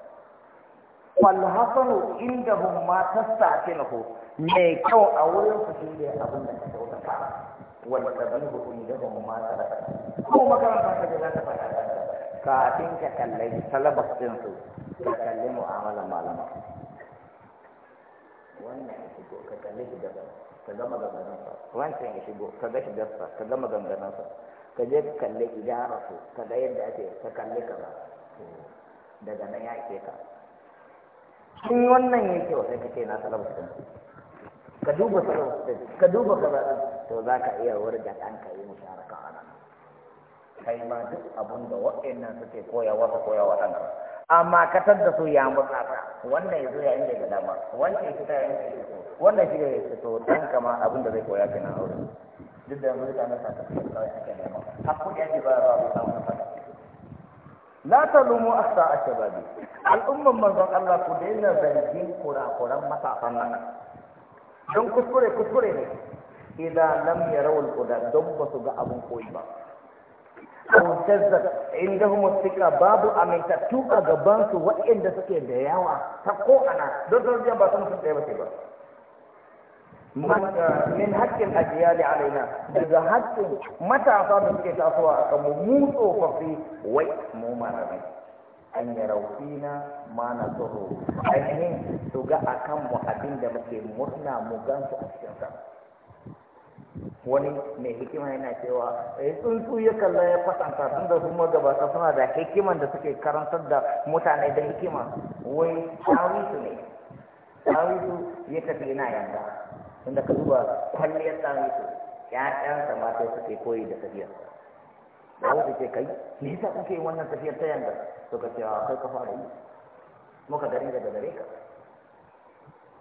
falhasanu indahum ma tastatinahu mai kyau a wurin su shi abin da ka kyautata wanda dabihu indahum ma talaka ko makaranta ka je za ka fara kafin ka kalle talabas din su ka kalle mu'amalan malama wannan ya shigo ka kalle shi gaba ka gama ganganansa wancan ya shigo ka ga shi shigarsa ka gama ganganansa ka je ka kalle idararsu ka ga yadda ake ka kalle ka ba daga nan ya ake ka sun yi wannan yake wa sai kake na talabta ka duba ka duba kaza to za ka iya wurga ɗan ka yi musharaka a nan kai ma duk abin da waɗannan suke koyawa ka koyawa ka amma ka da su ya ta. wannan ya zo ya inda ga dama wannan ya fita ya inda wannan shi ya fito ka kama abin da zai koya kenan aure duk da yanzu na sa ta kawai ake nema hakuri ake ba ba ba la talumu asa a shababi al'umman manzon Allah ku daina zargin kurakuran matasan nan don kuskure kuskure ne idan lam rawar quda don ba su ga abin koyi ba tazzar inda kuma thiqa babu amintattu a gaban su waɗanda suke da yawa ta ko ana don zargin ba su sun ɗaya ba ce ba min haƙƙin ajiyali alaina daga haƙƙin matasa da suke tasowa a kanmu mu tsofaffi wai mu rai. an yi raufina ma na tsoro ainihin su ga a kanmu abin da muke murna mu su a cikin sa wani mai hikima yana cewa eh tsuntsu ya kalla ya kwatanta tun da su magabata suna da hikiman da suke karantar da mutane da hikima wai tawisu ne tawisu ya tafi yana yanda tunda ka duba kwalliyar ɗan yake ƴaƴansa ma sai suke koyi da tafiyar da wasu ce kai me yasa kuke wannan tafiyar ta yanda ka ce a kai ka fara yi muka gari daga gare ka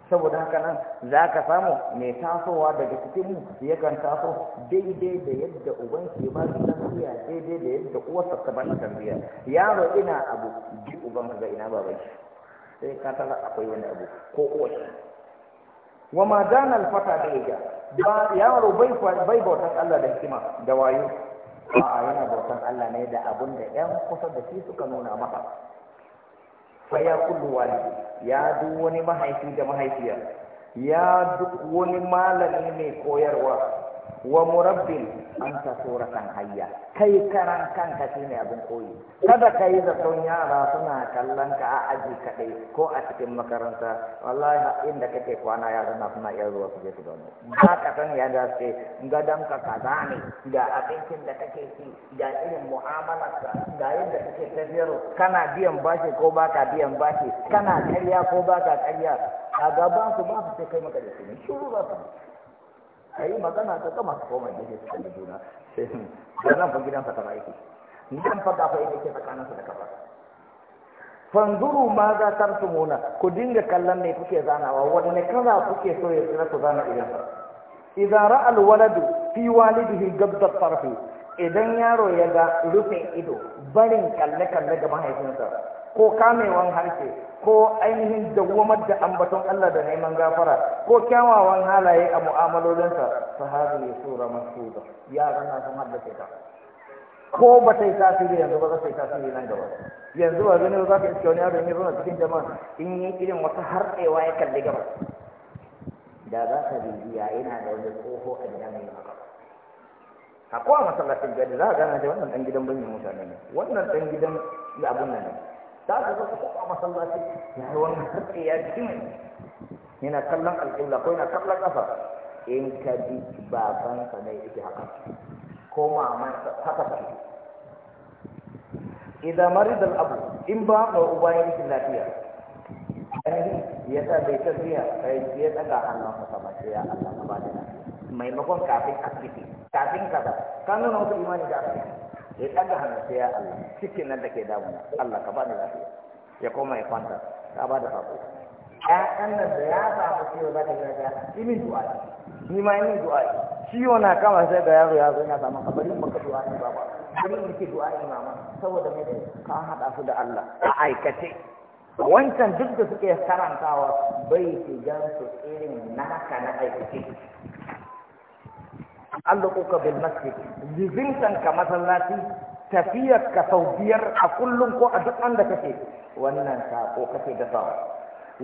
saboda haka nan za ka samu mai tasowa daga cikinmu yakan taso daidai da yadda uban ke ba shi tarbiyya daidai da yadda uwarsa ta ba shi tarbiyya yaro ina abu bi uban ga ina babai. sai ka tara akwai wani abu ko uwar wa ma dana alfata da ya ba yaro bai bai bautan Allah da hikima da wayo a'a yana bautan Allah ne da abun da yan kusa da shi suka nuna maka. fa ya kullu walidi ya duk wani mahaifi da mahaifiya ya duk wani malami mai koyarwa wa murabbin an ta suratan hayya kai karan kanka shine abin koyi kada ka yi zaton yara suna kallon ka a aji kaɗai ko a cikin makaranta wallahi inda kake kwana yara na suna iya zuwa su je su gano ba ka san ya da gadon ka kaza ne Da abincin da kake ci da irin mu'amalarka da yadda kake tafiyar kana biyan bashi ko ba ka biyan bashi kana karya ko ba ka karya a gaban su ba su sai kai maka da su shuru ba ka yi magana ka kama ka koma gefe su yi juna sai da nan fa gidansa kaza yake gidan fa dafa yake ke su da kafa. fanzuru ma za muna ku dinga kallon ne kuke zanawa wanne kaza kuke so ya tsira ku zana idan idan ra'al waladu fi walidihi gabdar tarfi idan yaro ya ga rufin ido barin kalle kalle ga mahaifinsa ko kamewan harshe ko ainihin dawwamar da ambaton Allah da neman gafara ko kyawawan halaye a mu'amalolinsa sahabi ya masu da ya zama sun haɗa ta ko ba ta yi tasiri yanzu ba za ta yi tasiri nan gaba yanzu ba zai za ka iske wani yaro ne zuwa cikin jama'a in yi irin wata harɗewa ya kalli gaba da za ka bibiya yana da wani tsoho a gidan mai haka a kowa masallacin gani za a gana da wannan ɗan gidan banyan mutane ne wannan ɗan gidan abun nan ne da aka zo ka taɓa masallaci ya yi wannan sarki ya ji yana kallon alƙibla ko yana kallon ƙasa? in ka bi babansa ne yake haka ko mamansa haka ta idan maridal abu in ba ma uba ya rikin lafiya ainihin ya sa bai tafiya ya tsaga hannun masa ba sai ya Allah ka ba da maimakon kafin asibiti kafin kaza ka nuna wasu imani da asibiti ya ɗaga hannu sai ya Allah cikin nan da ke damuna Allah ka bani lafiya ya koma ya kwanta ka ba da sako ƴaƴan nan da ya samu ciwo za ka yi shi yi min du'a ni ma yi min du'a ciwo na kama sai da yaro ya zo yana samun kabari in baka du'a ni ba ba kabari in ke du'a ni mama saboda mai ka haɗa su da Allah a aikace wancan duk da suke karantawa bai shigar su irin naka na aikace ta'alluquka bil masjid zizimtan ka masallaci tafiyar ka sau biyar a kullum ko a duk anda kake wannan ko kake da sawa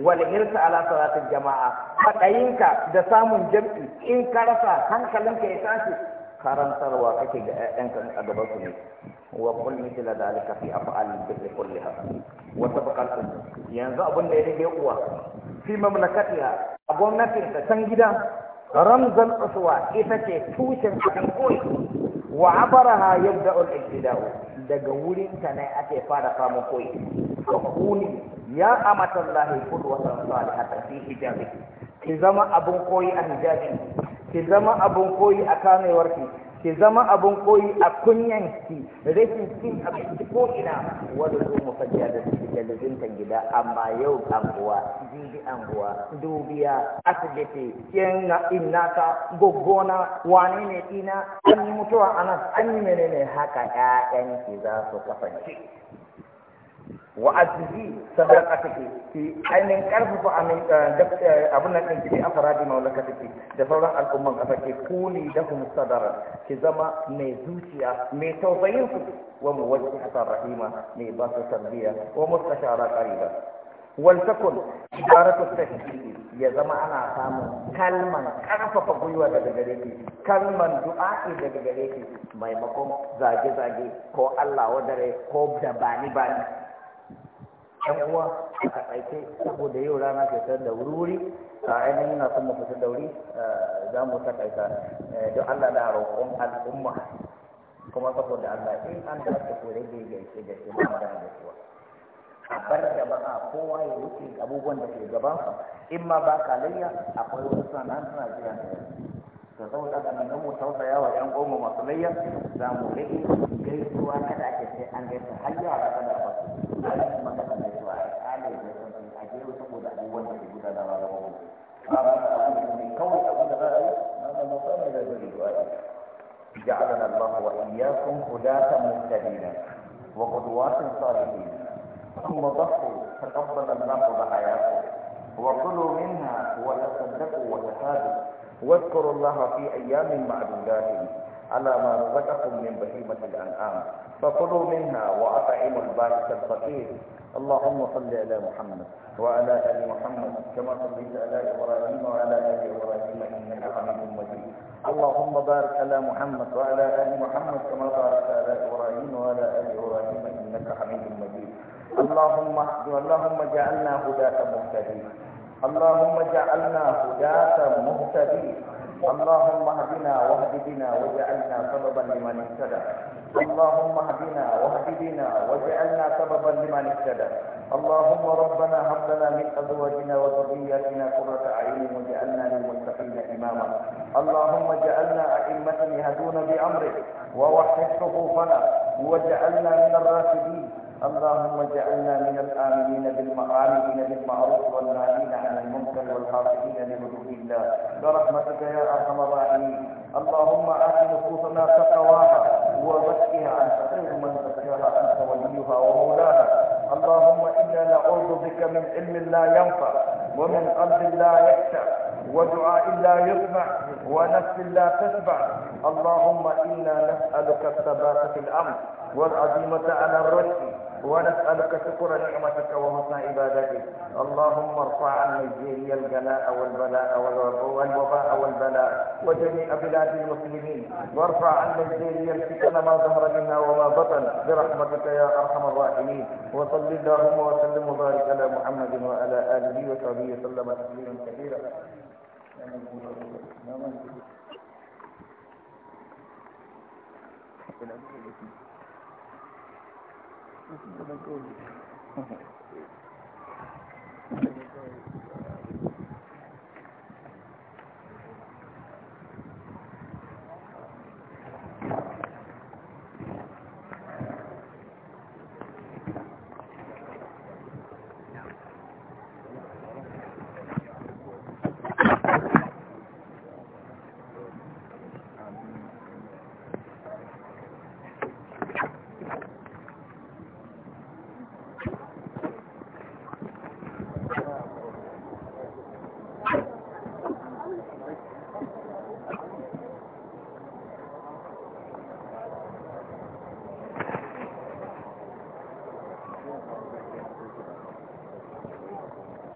wal hirsa ala salatin jama'a fadayinka da samun jam'i in ka rasa hankalinka ya tashi karantarwa kake ga ƴaƴanka a gaban su ne wa qul mithla dalika fi af'alil birri kulliha wa tabaqal yanzu abin da ya rage uwa fi mamlakatiha a gwamnatin ta can gida ramzan uswa ita ce tushen kan koyi wa abaraha yabda al-ibtida'u daga wurin ta ne ake fara samun koyi wa kuni ya amatallahi qudwatan a fi hijabi ki zama abun koyi a hijabi ki zama abun koyi a kamewar kamewarki ki zama abin koyi a ki rashin cin abinci ko ina wanda zo mu fajiya da da gida amma yau anguwa jibi anguwa dubiya asibiti yan ka goggona wane ne ina an yi mutuwa anan an yi menene haka ya'yanki, za su kasance wa ajihi sadar a take ki ainihin karfafa abin nan ɗin kiri afaradi maulaka take da sauran al'umman ƙasa ke kuni da kuma sadara ki zama mai zuciya mai tausayinsu su wa muwajji hasan rahima mai ba su tarbiyya wa mustashara qariba wal takun ibaratu tahqiqi ya zama ana samun kalman karfafa gwiwa daga gare ki kalman du'a'i daga gare ki maimakon zage-zage ko Allah wadare ko da bani bani yan uwa a takaice saboda yau rana fitar da wuri a ainihin yana son mu fitar da wuri za mu takaita don Allah na roƙon al'umma kuma saboda Allah in an da ta kore da ya da shi ba magana da shi a bar jama'a kowa ya wuce abubuwan da ke gaban in ma ba ka layya akwai wasu sana'an suna jira da to saboda haka nan mu tausaya wa ƴan goma masu layya za mu rage gaisuwa kada ake sai an gaisa har yara kada ba su magana جعلنا الله وإياكم هداة مهتدين وقدوات صالحين ثم ضحوا تقبل الله ضحاياكم وكلوا منها وتصدقوا وتحادوا واذكروا الله في أيام معدودات على ما رزقكم من بهيمة الأنعام فكلوا منها وأطعموا البائس الفقير اللهم صل على محمد وعلى آل محمد كما صليت على إبراهيم وعلى آل إبراهيم إنك حميد مجيد اللهم بارك على محمد وعلى آل محمد كما باركت على إبراهيم وعلى آل إبراهيم إنك حميد مجيد اللهم اللهم اجعلنا هداة مهتدين اللهم اجعلنا هداة مهتدين اللهم اهدنا واهد بنا واجعلنا سببا لمن اهتدى اللهم اهدنا واهد بنا واجعلنا سببا لمن اهتدى اللهم ربنا هب لنا من ازواجنا وذرياتنا قرة اعين واجعلنا للمتقين اماما اللهم اجعلنا ائمة يهدون بامرك ووحد صفوفنا واجعلنا من الراشدين اللهم اجعلنا من الآمنين بالمعاملين بالمعروف والناهين عن المنكر والحافظين لحدود الله برحمتك يا أرحم الراحمين اللهم آت نفوسنا تقواها وزكها أنت خير من زكاها أنت وليها ومولاها اللهم إنا نعوذ بك من علم لا ينفع ومن قلب لا يخشع ودعاء لا يسمع ونفس لا تسمع اللهم إنا نسألك الثبات في الأمر والعظيمة على الرشد ونسألك شكر نعمتك وحسن عبادتك اللهم ارفع عن نيجيريا الجلاء والبلاء والوباء والبلاء وجميع بلاد المسلمين وارفع عن نيجيريا الفتن ما ظهر منها وما بطن برحمتك يا ارحم الراحمين وصل اللهم وسلم وبارك على محمد وعلى اله وصحبه وسلم تسليما كثيرا Thank you. Thank you.